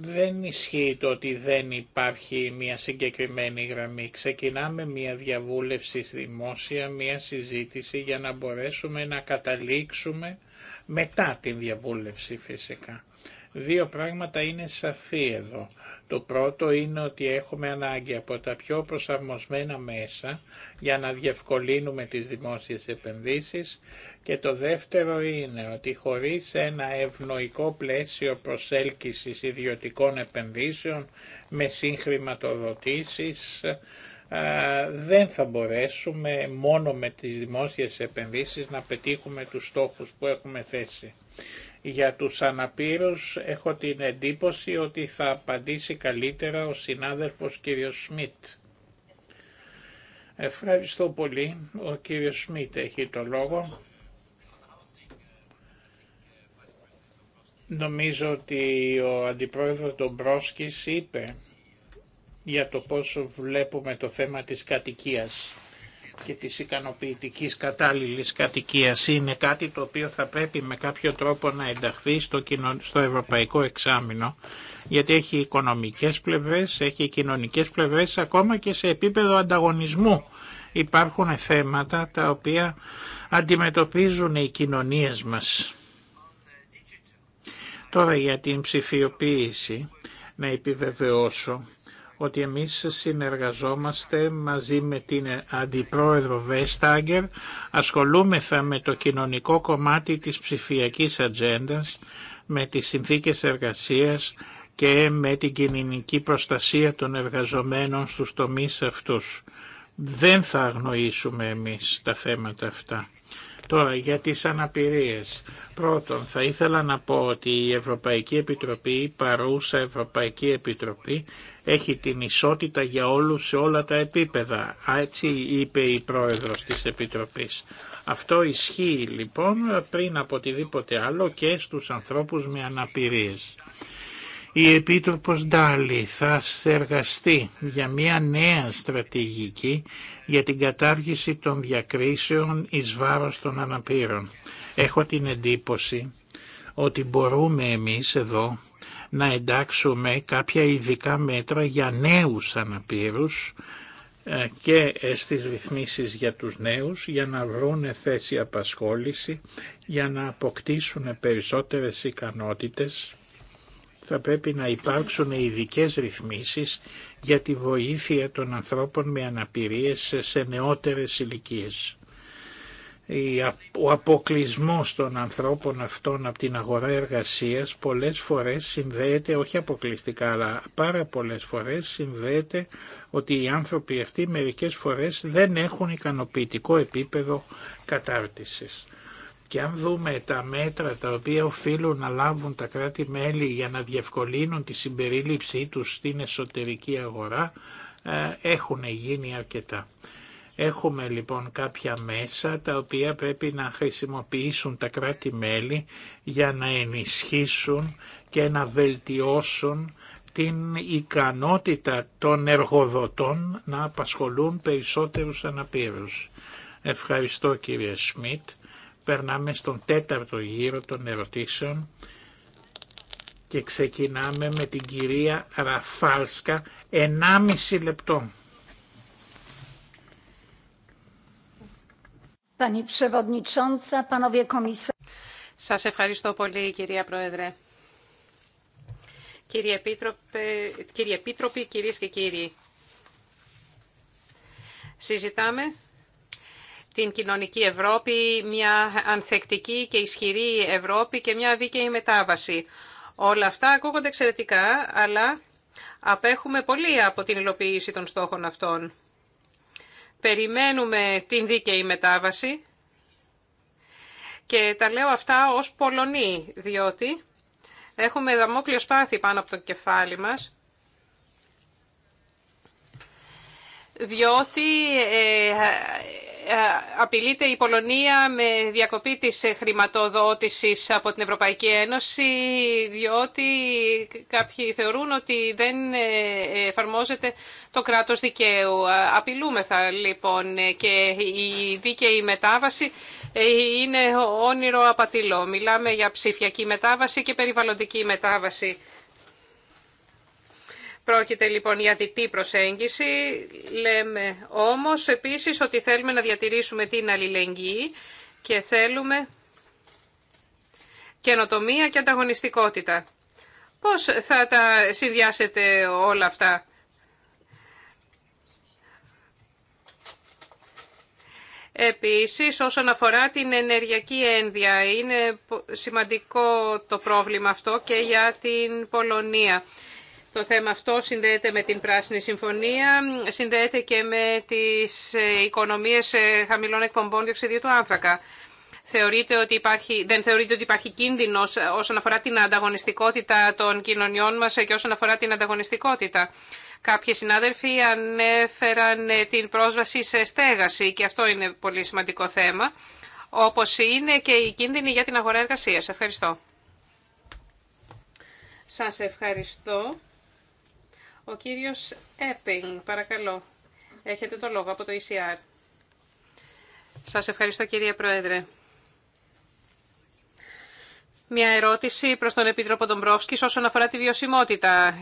Speaker 3: δεν ισχύει το ότι δεν υπάρχει μια συγκεκριμένη γραμμή. Ξεκινάμε μια διαβούλευση δημόσια, μια συζήτηση για να μπορέσουμε να καταλήξουμε μετά την διαβούλευση φυσικά. Δύο πράγματα είναι σαφή εδώ. Το πρώτο είναι ότι έχουμε ανάγκη από τα πιο προσαρμοσμένα μέσα για να διευκολύνουμε τις δημόσιες επενδύσεις και το δεύτερο είναι ότι χωρίς ένα ευνοϊκό πλαίσιο προσέλκυσης ιδιωτικών επενδύσεων με συγχρηματοδοτήσεις δεν θα μπορέσουμε μόνο με τις δημόσιες επενδύσεις να πετύχουμε τους στόχους που έχουμε θέσει. Για τους αναπήρους έχω την εντύπωση ότι θα απαντήσει καλύτερα ο συνάδελφος κύριος Σμιτ. Ευχαριστώ πολύ. Ο κύριος Σμιτ έχει το λόγο. Νομίζω ότι ο αντιπρόεδρος τον Μπρόσκης είπε για το πόσο βλέπουμε το θέμα της κατοικίας και της ικανοποιητικής κατάλληλης κατοικίας είναι κάτι το οποίο θα πρέπει με κάποιο τρόπο να ενταχθεί στο, στο ευρωπαϊκό εξάμεινο γιατί έχει οικονομικές πλευρές, έχει κοινωνικές πλευρές ακόμα και σε επίπεδο ανταγωνισμού υπάρχουν θέματα τα οποία αντιμετωπίζουν οι κοινωνίες μας. Τώρα για την ψηφιοποίηση να επιβεβαιώσω ότι εμείς συνεργαζόμαστε μαζί με την Αντιπρόεδρο Βέσταγκερ, ασχολούμεθα με το κοινωνικό κομμάτι της ψηφιακής ατζέντα, με τις συνθήκες εργασίας και με την κοινωνική προστασία των εργαζομένων στους τομείς αυτούς. Δεν θα αγνοήσουμε εμείς τα θέματα αυτά. Τώρα για τις αναπηρίες. Πρώτον, θα ήθελα να πω ότι η Ευρωπαϊκή Επιτροπή, η παρούσα Ευρωπαϊκή Επιτροπή, έχει την ισότητα για όλους σε όλα τα επίπεδα. Έτσι είπε η πρόεδρος της Επιτροπής. Αυτό ισχύει λοιπόν πριν από οτιδήποτε άλλο και στους ανθρώπους με αναπηρίες. Η Επίτροπος Ντάλι θα εργαστεί για μια νέα στρατηγική για την κατάργηση των διακρίσεων εις βάρος των αναπήρων. Έχω την εντύπωση ότι μπορούμε εμείς εδώ να εντάξουμε κάποια ειδικά μέτρα για νέους αναπήρους ε, και στις ρυθμίσεις για τους νέους για να βρούνε θέση απασχόληση, για να αποκτήσουν περισσότερες ικανότητες θα πρέπει να υπάρξουν ειδικέ ρυθμίσεις για τη βοήθεια των ανθρώπων με αναπηρίες σε νεότερες ηλικίε. Ο αποκλεισμό των ανθρώπων αυτών από την αγορά εργασίας πολλές φορές συνδέεται, όχι αποκλειστικά, αλλά πάρα πολλές φορές συνδέεται ότι οι άνθρωποι αυτοί μερικές φορές δεν έχουν ικανοποιητικό επίπεδο κατάρτισης. Και αν δούμε τα μέτρα τα οποία οφείλουν να λάβουν τα κράτη-μέλη για να διευκολύνουν τη συμπερίληψή τους στην εσωτερική αγορά, ε, έχουν γίνει αρκετά. Έχουμε λοιπόν κάποια μέσα τα οποία πρέπει να χρησιμοποιήσουν τα κράτη-μέλη για να ενισχύσουν και να βελτιώσουν την ικανότητα των εργοδοτών να απασχολούν περισσότερους αναπήρους. Ευχαριστώ κύριε Σμιτ. Περνάμε στον τέταρτο γύρο των ερωτήσεων και ξεκινάμε με την κυρία Ραφάλσκα, 1,5 λεπτό.
Speaker 2: Σας ευχαριστώ πολύ κυρία Πρόεδρε. Κύριε Επίτροπε, κύριε κυρίες και κύριοι. Συζητάμε την κοινωνική Ευρώπη, μια ανθεκτική και ισχυρή Ευρώπη και μια δίκαιη μετάβαση. Όλα αυτά ακούγονται εξαιρετικά, αλλά απέχουμε πολύ από την υλοποίηση των στόχων αυτών. Περιμένουμε την δίκαιη μετάβαση και τα λέω αυτά ως Πολωνοί, διότι έχουμε δαμόκλειο σπάθη πάνω από το κεφάλι μας διότι ε, ε, απειλείται η Πολωνία με διακοπή της χρηματοδότησης από την Ευρωπαϊκή Ένωση, διότι κάποιοι θεωρούν ότι δεν ε, εφαρμόζεται το κράτος δικαίου. Ε, απειλούμεθα λοιπόν και η δίκαιη μετάβαση είναι όνειρο απατηλό. Μιλάμε για ψηφιακή μετάβαση και περιβαλλοντική μετάβαση. Πρόκειται λοιπόν για διτή προσέγγιση. Λέμε όμως επίσης ότι θέλουμε να διατηρήσουμε την αλληλεγγύη και θέλουμε καινοτομία και ανταγωνιστικότητα. Πώς θα τα συνδυάσετε όλα αυτά. Επίσης, όσον αφορά την ενεργειακή ένδια, είναι σημαντικό το πρόβλημα αυτό και για την Πολωνία. Το θέμα αυτό συνδέεται με την Πράσινη Συμφωνία, συνδέεται και με τις ε, οικονομίες ε, χαμηλών εκπομπών διοξιδίου του άνθρακα. Θεωρείτε ότι υπάρχει, δεν θεωρείται ότι υπάρχει κίνδυνος ε, όσον αφορά την ανταγωνιστικότητα των κοινωνιών μας και όσον αφορά την ανταγωνιστικότητα. Κάποιοι συνάδελφοι ανέφεραν την πρόσβαση σε στέγαση και αυτό είναι πολύ σημαντικό θέμα, όπως είναι και η κίνδυνη για την αγορά εργασίας. Ευχαριστώ. Σας ευχαριστώ. Ο κύριος Έπινγκ, παρακαλώ. Έχετε το λόγο από το ECR. Σας ευχαριστώ κύριε Πρόεδρε. Μια ερώτηση προς τον Επίτροπο Ντομπρόφσκης όσον αφορά τη βιωσιμότητα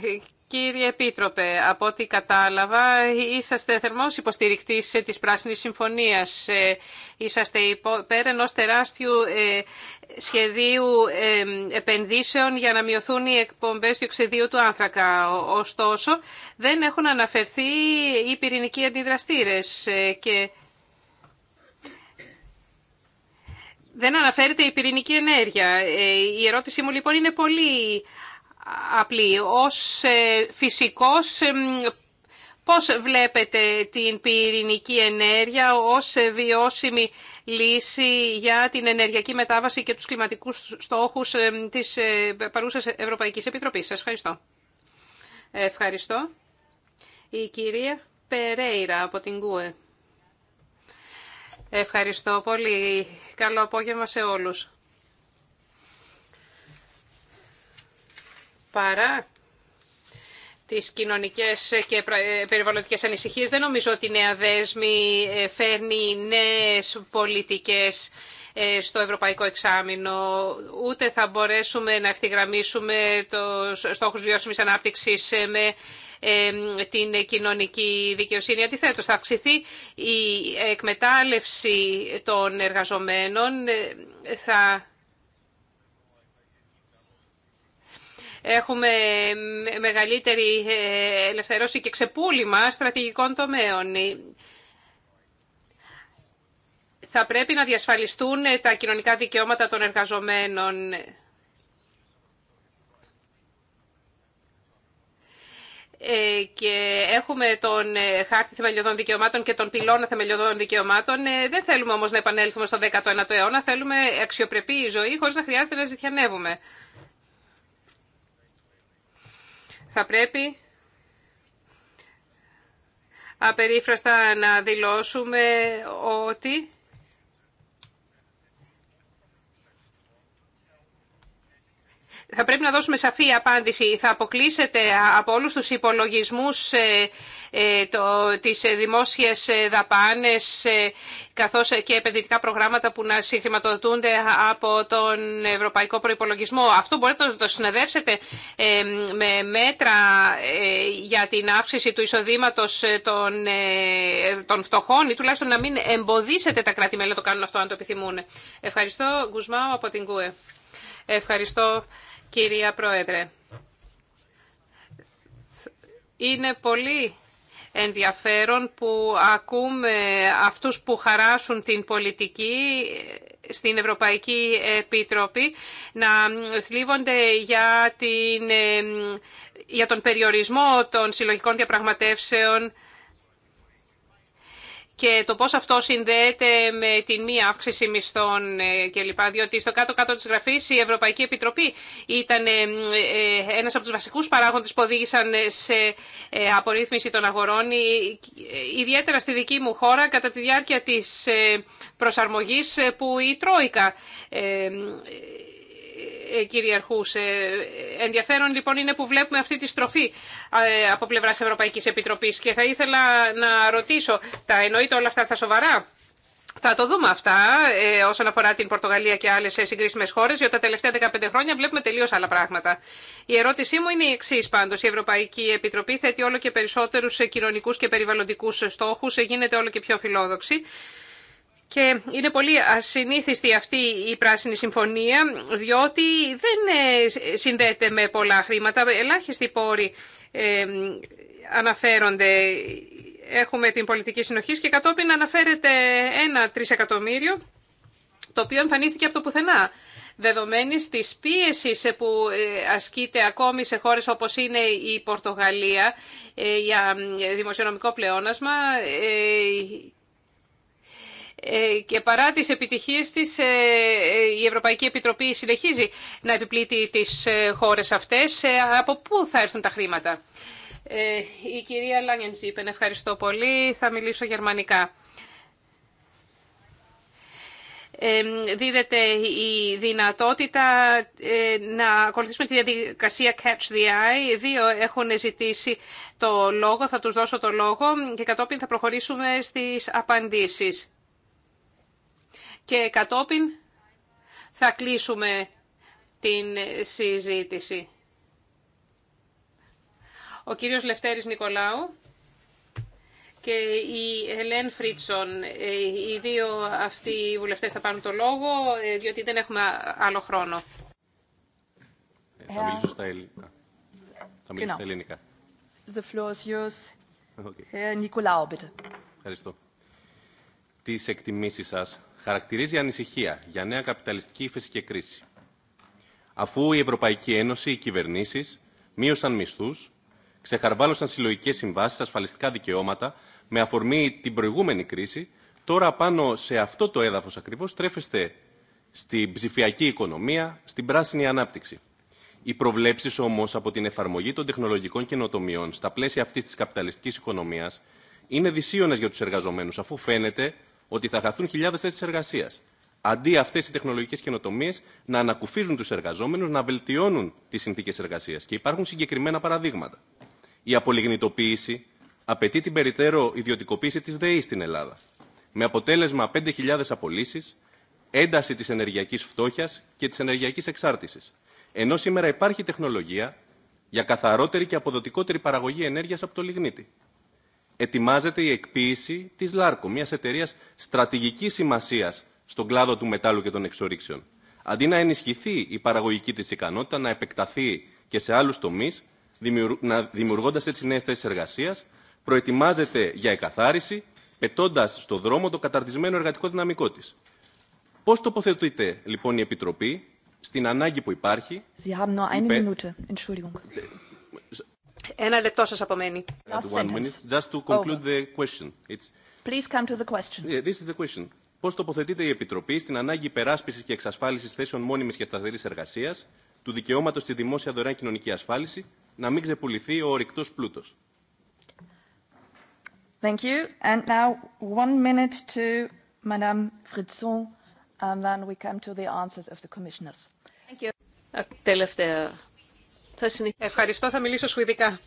Speaker 2: Κύριε Επίτροπε, από ό,τι κατάλαβα, είσαστε θερμός υποστηρικτής της Πράσινης Συμφωνίας. Ε, είσαστε υπέρ ενό τεράστιου ε, σχεδίου ε, επενδύσεων για να μειωθούν οι εκπομπές διοξιδίου του άνθρακα. Ωστόσο, δεν έχουν αναφερθεί οι πυρηνικοί αντιδραστήρες και δεν αναφέρεται η πυρηνική ενέργεια. Η ερώτησή μου λοιπόν είναι πολύ απλή. Ως ε, φυσικός, ε, πώς βλέπετε την πυρηνική ενέργεια ως ε, βιώσιμη λύση για την ενεργειακή μετάβαση και τους κλιματικούς στόχους της παρούσας Ευρωπαϊκής Επιτροπής. Σας ευχαριστώ. Ευχαριστώ. Η κυρία Περέιρα από την ΚΟΕ. Ευχαριστώ πολύ. Καλό απόγευμα σε όλους. παρά τις κοινωνικές και ε, περιβαλλοντικές ανησυχίες, δεν νομίζω ότι η νέα δέσμη ε, φέρνει νέες πολιτικές ε, στο Ευρωπαϊκό Εξάμεινο. Ούτε θα μπορέσουμε να ευθυγραμμίσουμε το στόχους βιώσιμης ανάπτυξης με την κοινωνική δικαιοσύνη. Αντιθέτως, θα αυξηθεί η εκμετάλλευση των εργαζομένων, θα έχουμε μεγαλύτερη ε, ελευθερώση και ξεπούλημα στρατηγικών τομέων. Θα πρέπει να διασφαλιστούν ε, τα κοινωνικά δικαιώματα των εργαζομένων. Ε, και έχουμε τον χάρτη θεμελιωδών δικαιωμάτων και τον πυλώνα θεμελιωδών δικαιωμάτων. Δεν θέλουμε όμως να επανέλθουμε στο 19ο αιώνα, θέλουμε αξιοπρεπή ζωή χωρίς να χρειάζεται να ζητιανεύουμε θα πρέπει απερίφραστα να δηλώσουμε ότι θα πρέπει να δώσουμε σαφή απάντηση. Θα αποκλείσετε από όλους τους υπολογισμούς ε, ε, το, τις δημόσιες δαπάνες ε, καθώς και επενδυτικά προγράμματα που να συγχρηματοδοτούνται από τον Ευρωπαϊκό Προϋπολογισμό. Αυτό μπορείτε να το συνεδεύσετε ε, με μέτρα ε, για την αύξηση του εισοδήματος των, των φτωχών ή τουλάχιστον να μην εμποδίσετε τα κράτη-μέλη να το κάνουν αυτό αν το επιθυμούν. Ευχαριστώ, από την Ευχαριστώ κυρία Πρόεδρε. Είναι πολύ ενδιαφέρον που ακούμε αυτούς που χαράσουν την πολιτική στην Ευρωπαϊκή Επιτροπή να θλίβονται για, ε, για τον περιορισμό των συλλογικών διαπραγματεύσεων και το πώς αυτό συνδέεται με την μία αύξηση μισθών ε, κλπ. Διότι στο κάτω-κάτω της γραφής η Ευρωπαϊκή Επιτροπή ήταν ε, ε, ένας από τους βασικούς παράγοντες που οδήγησαν σε απορρίθμιση των αγορών. Ιδιαίτερα στη δική μου χώρα κατά τη διάρκεια της προσαρμογής που η Τρόικα ε, κυριαρχούσε. Ενδιαφέρον λοιπόν είναι που βλέπουμε αυτή τη στροφή ε, από πλευράς Ευρωπαϊκής Επιτροπής και θα ήθελα να ρωτήσω, τα εννοείται όλα αυτά στα σοβαρά. Θα το δούμε αυτά ε, όσον αφορά την Πορτογαλία και άλλε συγκρίσιμε χώρε, γιατί τα τελευταία 15 χρόνια βλέπουμε τελείω άλλα πράγματα. Η ερώτησή μου είναι η εξή πάντω. Η Ευρωπαϊκή Επιτροπή θέτει όλο και περισσότερου ε, κοινωνικού και περιβαλλοντικού στόχου, γίνεται όλο και πιο φιλόδοξη. Και είναι πολύ ασυνήθιστη αυτή η πράσινη συμφωνία, διότι δεν ε, συνδέεται με πολλά χρήματα. Ελάχιστοι πόροι ε, αναφέρονται. Έχουμε την πολιτική συνοχή και κατόπιν αναφέρεται ένα τρισεκατομμύριο, το οποίο εμφανίστηκε από το πουθενά. Δεδομένης της πίεση ε, που ασκείται ακόμη σε χώρες όπως είναι η Πορτογαλία για δημοσιονομικό πλεόνασμα, ε, και παρά τις επιτυχίες της ε, ε, η Ευρωπαϊκή Επιτροπή συνεχίζει να επιπλήττει τις χώρες αυτές. Από πού θα έρθουν τα χρήματα. Η κυρία Λάνιεντζ ευχαριστώ πολύ, θα μιλήσω γερμανικά. Δίδεται η δυνατότητα να ακολουθήσουμε τη διαδικασία Catch the Eye. Δύο έχουν ζητήσει το λόγο, θα τους δώσω το λόγο και κατόπιν θα προχωρήσουμε στις απαντήσεις και κατόπιν θα κλείσουμε την συζήτηση. Ο κύριος Λευτέρης Νικολάου και η Ελέν Φρίτσον. Ε, οι δύο αυτοί οι βουλευτές θα πάρουν το λόγο, ε, διότι δεν έχουμε άλλο χρόνο.
Speaker 4: Ε, θα μιλήσω στα ελληνικά. Θα μιλήσω στα ελληνικά.
Speaker 2: The floor is yours. Okay. bitte.
Speaker 4: Ευχαριστώ τις εκτιμήσεις σας χαρακτηρίζει ανησυχία για νέα καπιταλιστική ύφεση και κρίση. Αφού η Ευρωπαϊκή Ένωση, οι κυβερνήσεις μείωσαν μισθούς, ξεχαρβάλωσαν συλλογικές συμβάσεις, ασφαλιστικά δικαιώματα, με αφορμή την προηγούμενη κρίση, τώρα πάνω σε αυτό το έδαφος ακριβώς τρέφεστε στην ψηφιακή οικονομία, στην πράσινη ανάπτυξη. Οι προβλέψει όμω από την εφαρμογή των τεχνολογικών καινοτομιών στα πλαίσια αυτή τη καπιταλιστική οικονομία είναι δυσίωνε για του εργαζομένου, αφού φαίνεται ότι θα χαθούν χιλιάδε θέσει εργασία. Αντί αυτέ οι τεχνολογικέ καινοτομίε να ανακουφίζουν του εργαζόμενου, να βελτιώνουν τι συνθήκε εργασία. Και υπάρχουν συγκεκριμένα παραδείγματα. Η απολιγνητοποίηση απαιτεί την περιττέρω ιδιωτικοποίηση τη ΔΕΗ στην Ελλάδα. Με αποτέλεσμα 5.000 απολύσει, ένταση τη ενεργειακή φτώχεια και τη ενεργειακή εξάρτηση. Ενώ σήμερα υπάρχει τεχνολογία για καθαρότερη και αποδοτικότερη παραγωγή ενέργεια από το λιγνίτη ετοιμάζεται η εκποίηση της Λάρκο, μιας εταιρεία στρατηγικής σημασίας στον κλάδο του μετάλλου και των εξορίξεων. Αντί να ενισχυθεί η παραγωγική της ικανότητα, να επεκταθεί και σε άλλους τομείς, δημιουργώντας έτσι νέες θέσει εργασία, προετοιμάζεται για εκαθάριση, πετώντα στο δρόμο το καταρτισμένο εργατικό δυναμικό τη. Πώ τοποθετείται λοιπόν η Επιτροπή στην ανάγκη που υπάρχει... Sie nur eine Minute. Entschuldigung.
Speaker 2: Ένα λεπτό σας απομένει.
Speaker 4: Πώς τοποθετείται η Επιτροπή στην ανάγκη υπεράσπισης και εξασφάλισης θέσεων μόνιμης και σταθερής εργασίας, του δικαιώματος στη δημόσια δωρεάν κοινωνική ασφάλιση, να μην ξεπουληθεί ο ορυκτός πλούτος. Thank you. And now one minute to Madame Fritzon, and then we come to the answers of the commissioners.
Speaker 2: Thank you. Τελευταία Ευχαριστώ, θα μιλήσω σουηδικά.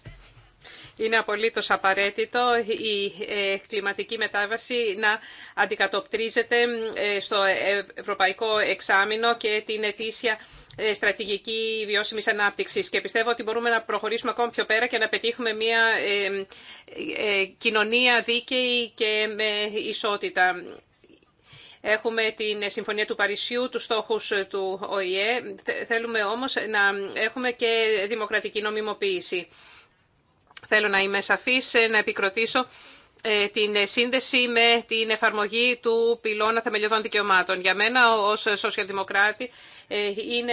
Speaker 2: Είναι απολύτως απαραίτητο η ε, κλιματική μετάβαση να αντικατοπτρίζεται ε, στο ευρωπαϊκό εξάμεινο και την ετήσια ε, στρατηγική βιώσιμης ανάπτυξης και πιστεύω ότι μπορούμε να προχωρήσουμε ακόμα πιο πέρα και να πετύχουμε μια κοινωνία δίκαιη και με ισότητα. Έχουμε την Συμφωνία του Παρισιού, του στόχους του ΟΗΕ. Θέλουμε όμως να έχουμε και δημοκρατική νομιμοποίηση. Θέλω να είμαι σαφής, να επικροτήσω ε, την σύνδεση με την εφαρμογή του πυλώνα θεμελιωδών δικαιωμάτων. Για μένα ως σοσιαλδημοκράτη ε, είναι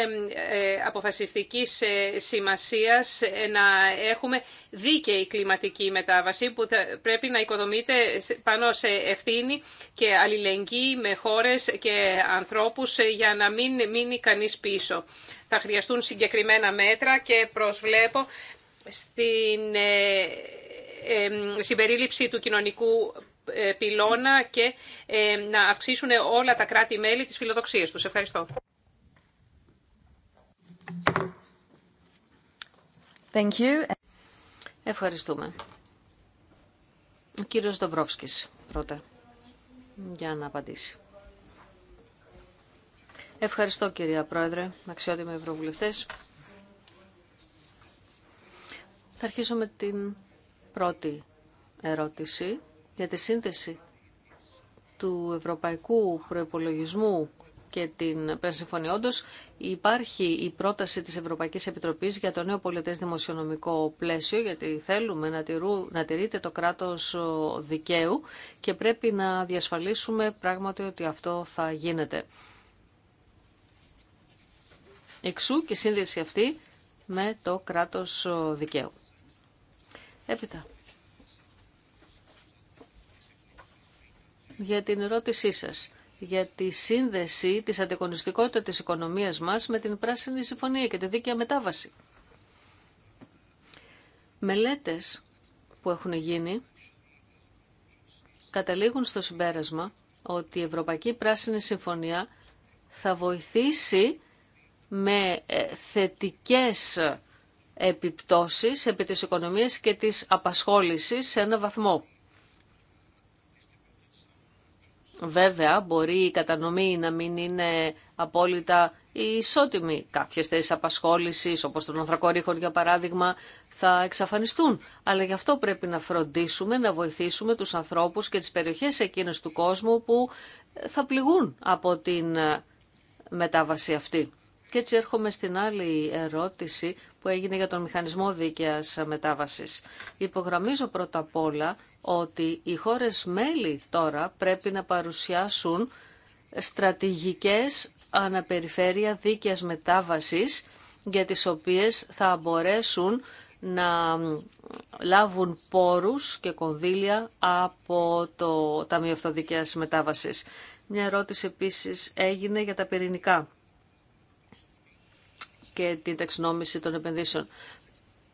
Speaker 2: ε, αποφασιστικής σημασίας να έχουμε δίκαιη κλιματική μετάβαση που πρέπει να οικοδομείται πάνω σε ευθύνη και αλληλεγγύη με χώρες και ανθρώπους για να μην μείνει κανείς πίσω. Θα χρειαστούν συγκεκριμένα μέτρα και προσβλέπω στην συμπερίληψη του κοινωνικού ε, πυλώνα και να αυξήσουν όλα τα κράτη-μέλη τις φιλοδοξίες τους. Ευχαριστώ.
Speaker 4: Thank you.
Speaker 1: Ευχαριστούμε. Ο κύριος Δομπρόφσκης πρώτα για να απαντήσει. Ευχαριστώ κυρία Πρόεδρε, αξιότιμοι ευρωβουλευτές. Θα αρχίσω με την Πρώτη ερώτηση για τη σύνθεση του Ευρωπαϊκού Προϋπολογισμού και την Συμφωνία. υπάρχει η πρόταση της Ευρωπαϊκής Επιτροπής για το νέο πολιτές δημοσιονομικό πλαίσιο, γιατί θέλουμε να, τηρού, να τηρείται το κράτος δικαίου και πρέπει να διασφαλίσουμε πράγματι ότι αυτό θα γίνεται. Εξού και σύνδεση αυτή με το κράτος δικαίου. Έπειτα. Για την ερώτησή σας για τη σύνδεση της αντικονιστικότητας της οικονομίας μας με την Πράσινη Συμφωνία και τη δίκαια μετάβαση. Μελέτες που έχουν γίνει καταλήγουν στο συμπέρασμα ότι η Ευρωπαϊκή Πράσινη Συμφωνία θα βοηθήσει με ε, θετικές επιπτώσεις επί της οικονομίας και της απασχόλησης σε ένα βαθμό. Βέβαια, μπορεί η κατανομή να μην είναι απόλυτα ισότιμη. Κάποιες θέσεις απασχόλησης, όπως τον ανθρακορίχων για παράδειγμα, θα εξαφανιστούν. Αλλά γι' αυτό πρέπει να φροντίσουμε, να βοηθήσουμε τους ανθρώπους και τις περιοχές εκείνες του κόσμου που θα πληγούν από την μετάβαση αυτή. Και έτσι έρχομαι στην άλλη ερώτηση που έγινε για τον μηχανισμό δίκαιας μετάβασης. Υπογραμμίζω πρώτα απ' όλα ότι οι χώρες μέλη τώρα πρέπει να παρουσιάσουν στρατηγικές αναπεριφέρεια δίκαιας μετάβασης για τις οποίες θα μπορέσουν να λάβουν πόρους και κονδύλια από το Ταμείο Αυτοδικαίας Μετάβασης. Μια ερώτηση επίσης έγινε για τα πυρηνικά και την ταξινόμηση των επενδύσεων.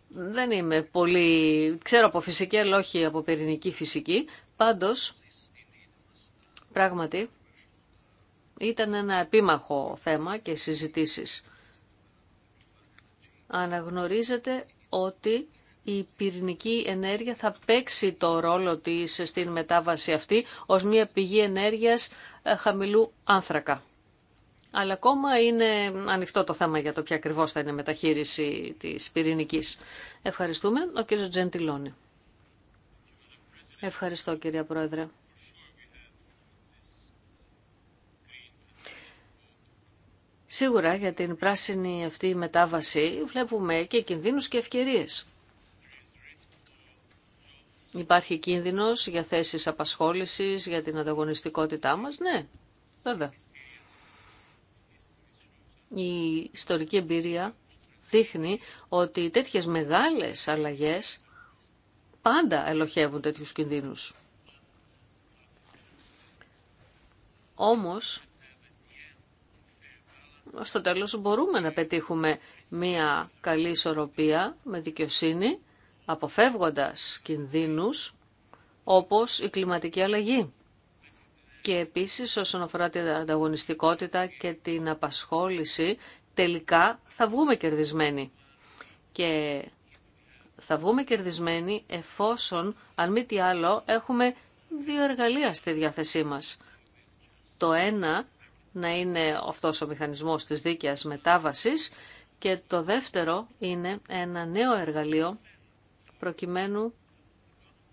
Speaker 1: Δεν είμαι πολύ... Ξέρω από φυσική, αλλά όχι από πυρηνική φυσική. Πάντως, πράγματι, ήταν ένα επίμαχο θέμα και συζητήσεις. Αναγνωρίζετε ότι η πυρηνική ενέργεια θα παίξει το ρόλο της στην μετάβαση αυτή ως μια πηγή ενέργειας ε, χαμηλού άνθρακα. Αλλά ακόμα είναι ανοιχτό το θέμα για το ποια ακριβώ θα είναι μεταχείριση τη πυρηνική. Ευχαριστούμε. Ο κύριο Τζεντιλόνι. Ευχαριστώ κυρία Πρόεδρε. Σίγουρα για την πράσινη αυτή μετάβαση βλέπουμε και κινδύνους και ευκαιρίες. Υπάρχει κίνδυνος για θέσεις απασχόλησης, για την ανταγωνιστικότητά μας, ναι, βέβαια. Η ιστορική εμπειρία δείχνει ότι τέτοιες μεγάλες αλλαγές πάντα ελοχεύουν τέτοιους κινδύνους. Όμως, στο τέλος μπορούμε να πετύχουμε μία καλή ισορροπία με δικαιοσύνη, αποφεύγοντας κινδύνους όπως η κλιματική αλλαγή και επίσης όσον αφορά την ανταγωνιστικότητα και την απασχόληση, τελικά θα βγούμε κερδισμένοι. Και θα βγούμε κερδισμένοι εφόσον, αν μη τι άλλο, έχουμε δύο εργαλεία στη διάθεσή μας. Το ένα να είναι αυτός ο μηχανισμός της δίκαιας μετάβασης και το δεύτερο είναι ένα νέο εργαλείο προκειμένου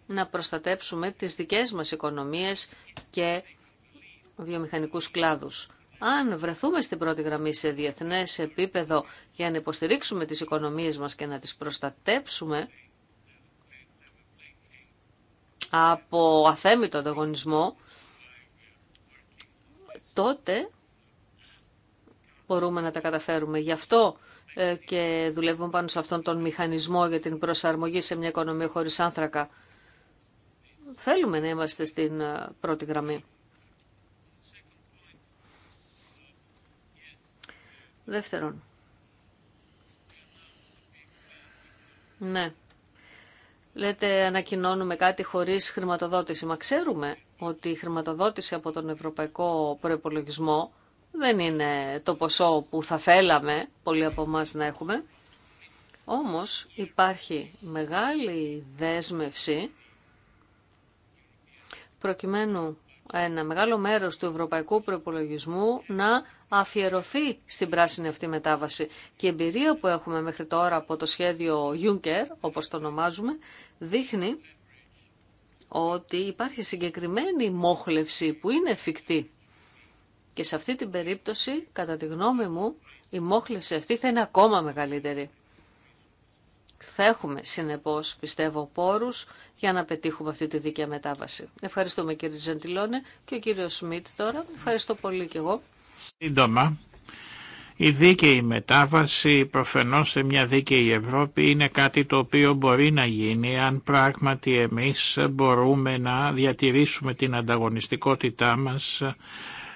Speaker 1: να προστατέψουμε τις δικές μας οικονομίες και βιομηχανικούς κλάδους. Αν βρεθούμε στην πρώτη γραμμή σε διεθνές επίπεδο για να υποστηρίξουμε τις οικονομίες μας και να τις προστατέψουμε από αθέμητο ανταγωνισμό, τότε μπορούμε να τα καταφέρουμε. Γι' αυτό ε, και δουλεύουμε πάνω σε αυτόν τον μηχανισμό για την προσαρμογή σε μια οικονομία χωρίς άνθρακα. Θέλουμε να είμαστε στην ε, πρώτη γραμμή. Δεύτερον, ναι, λέτε ανακοινώνουμε κάτι χωρίς χρηματοδότηση. Μα ξέρουμε ότι η χρηματοδότηση από τον Ευρωπαϊκό Προϋπολογισμό δεν είναι το ποσό που θα θέλαμε πολλοί από εμά να έχουμε. Όμως υπάρχει μεγάλη δέσμευση προκειμένου ένα μεγάλο μέρος του ευρωπαϊκού προπολογισμού να αφιερωθεί στην πράσινη αυτή μετάβαση. Και η εμπειρία που έχουμε μέχρι τώρα από το σχέδιο Juncker, όπως το ονομάζουμε, δείχνει ότι υπάρχει συγκεκριμένη μόχλευση που είναι εφικτή. Και σε αυτή την περίπτωση, κατά τη γνώμη μου, η μόχλευση αυτή θα είναι ακόμα μεγαλύτερη. Θα έχουμε συνεπώς, πιστεύω, πόρους για να πετύχουμε αυτή τη δίκαια μετάβαση. Ευχαριστούμε κύριε Τζεντιλόνε και ο κύριο Σμιτ τώρα. Ευχαριστώ πολύ και εγώ.
Speaker 3: Σύντομα, η δίκαιη μετάβαση προφανώς σε μια δίκαιη Ευρώπη είναι κάτι το οποίο μπορεί να γίνει αν πράγματι εμείς μπορούμε να διατηρήσουμε την ανταγωνιστικότητά μας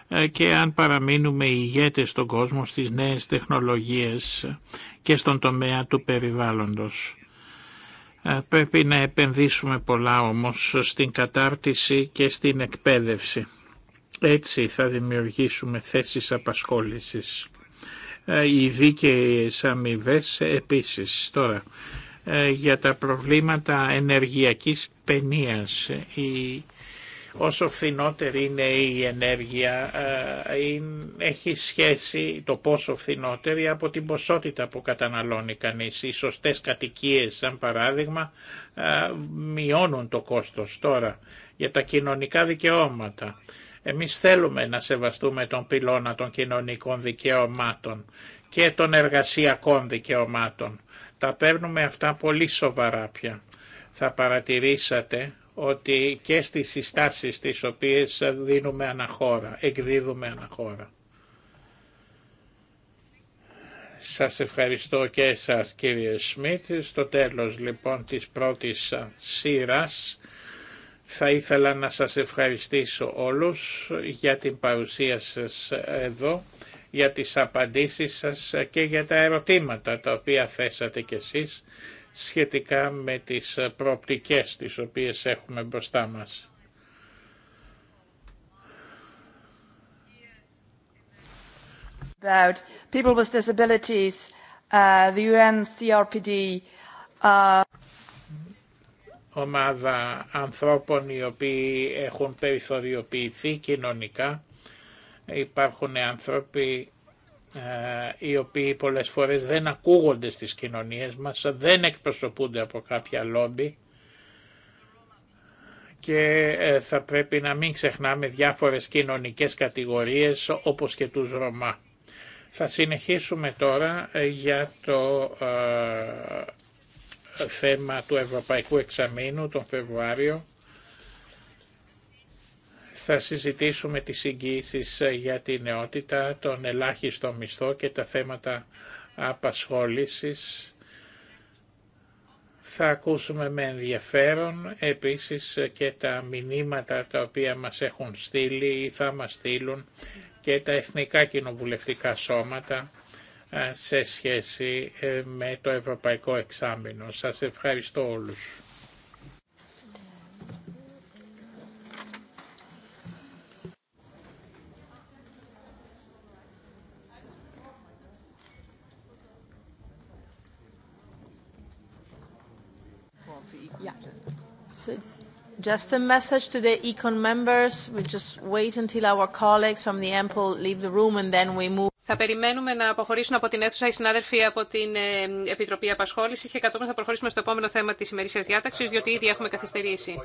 Speaker 3: ε, και αν παραμείνουμε ηγέτες στον κόσμο στις νέες τεχνολογίες και στον τομέα του περιβάλλοντος. Ε, πρέπει να επενδύσουμε πολλά όμως στην κατάρτιση και στην εκπαίδευση. Έτσι θα δημιουργήσουμε θέσεις απασχόλησης. Ε, οι δίκαιες αμοιβέ επίσης. Τώρα, για τα προβλήματα ενεργειακής πενίας. η όσο φθηνότερη είναι η ενέργεια ε, έχει σχέση το πόσο φθηνότερη από την ποσότητα που καταναλώνει κανείς. Οι σωστές κατοικίες σαν παράδειγμα ε, μειώνουν το κόστος τώρα για τα κοινωνικά δικαιώματα. Εμείς θέλουμε να σεβαστούμε τον πυλώνα των κοινωνικών δικαιωμάτων και των εργασιακών δικαιωμάτων. Τα παίρνουμε αυτά πολύ σοβαρά πια. Θα παρατηρήσατε ότι και στις συστάσεις τις οποίες δίνουμε αναχώρα, εκδίδουμε αναχώρα. Σας ευχαριστώ και σας κύριε Σμιτ. Στο τέλος λοιπόν της πρώτης σειράς θα ήθελα να σας ευχαριστήσω όλους για την παρουσία σας εδώ, για τις απαντήσεις σας και για τα ερωτήματα τα οποία θέσατε κι εσείς σχετικά με τις προοπτικές τις οποίες έχουμε μπροστά μας.
Speaker 4: About people with disabilities, uh, the UNCRPD, uh,
Speaker 3: ομάδα ανθρώπων οι οποίοι έχουν περιθωριοποιηθεί κοινωνικά. Υπάρχουν άνθρωποι ε, οι οποίοι πολλές φορές δεν ακούγονται στις κοινωνίες μας, δεν εκπροσωπούνται από κάποια λόμπι και ε, θα πρέπει να μην ξεχνάμε διάφορες κοινωνικές κατηγορίες όπως και τους Ρωμά. Θα συνεχίσουμε τώρα ε, για το θέμα του Ευρωπαϊκού Εξαμήνου τον Φεβρουάριο θα συζητήσουμε τις εγγύησεις ε, για τη νεότητα, τον ελάχιστο μισθό και τα θέματα απασχόλησης. Θα ακούσουμε με ενδιαφέρον επίσης ε, και τα μηνύματα τα οποία μας έχουν στείλει ή θα μας στείλουν και τα εθνικά κοινοβουλευτικά σώματα ε, σε σχέση με το Ευρωπαϊκό Εξάμεινο. Σας ευχαριστώ όλους.
Speaker 2: Θα περιμένουμε να αποχωρήσουν από την αίθουσα οι συνάδελφοι από την ε, Επιτροπή Απασχόλησης και κατόπιν θα προχωρήσουμε στο επόμενο θέμα της ημερήσιας διάταξης, διότι ήδη έχουμε καθυστερήσει.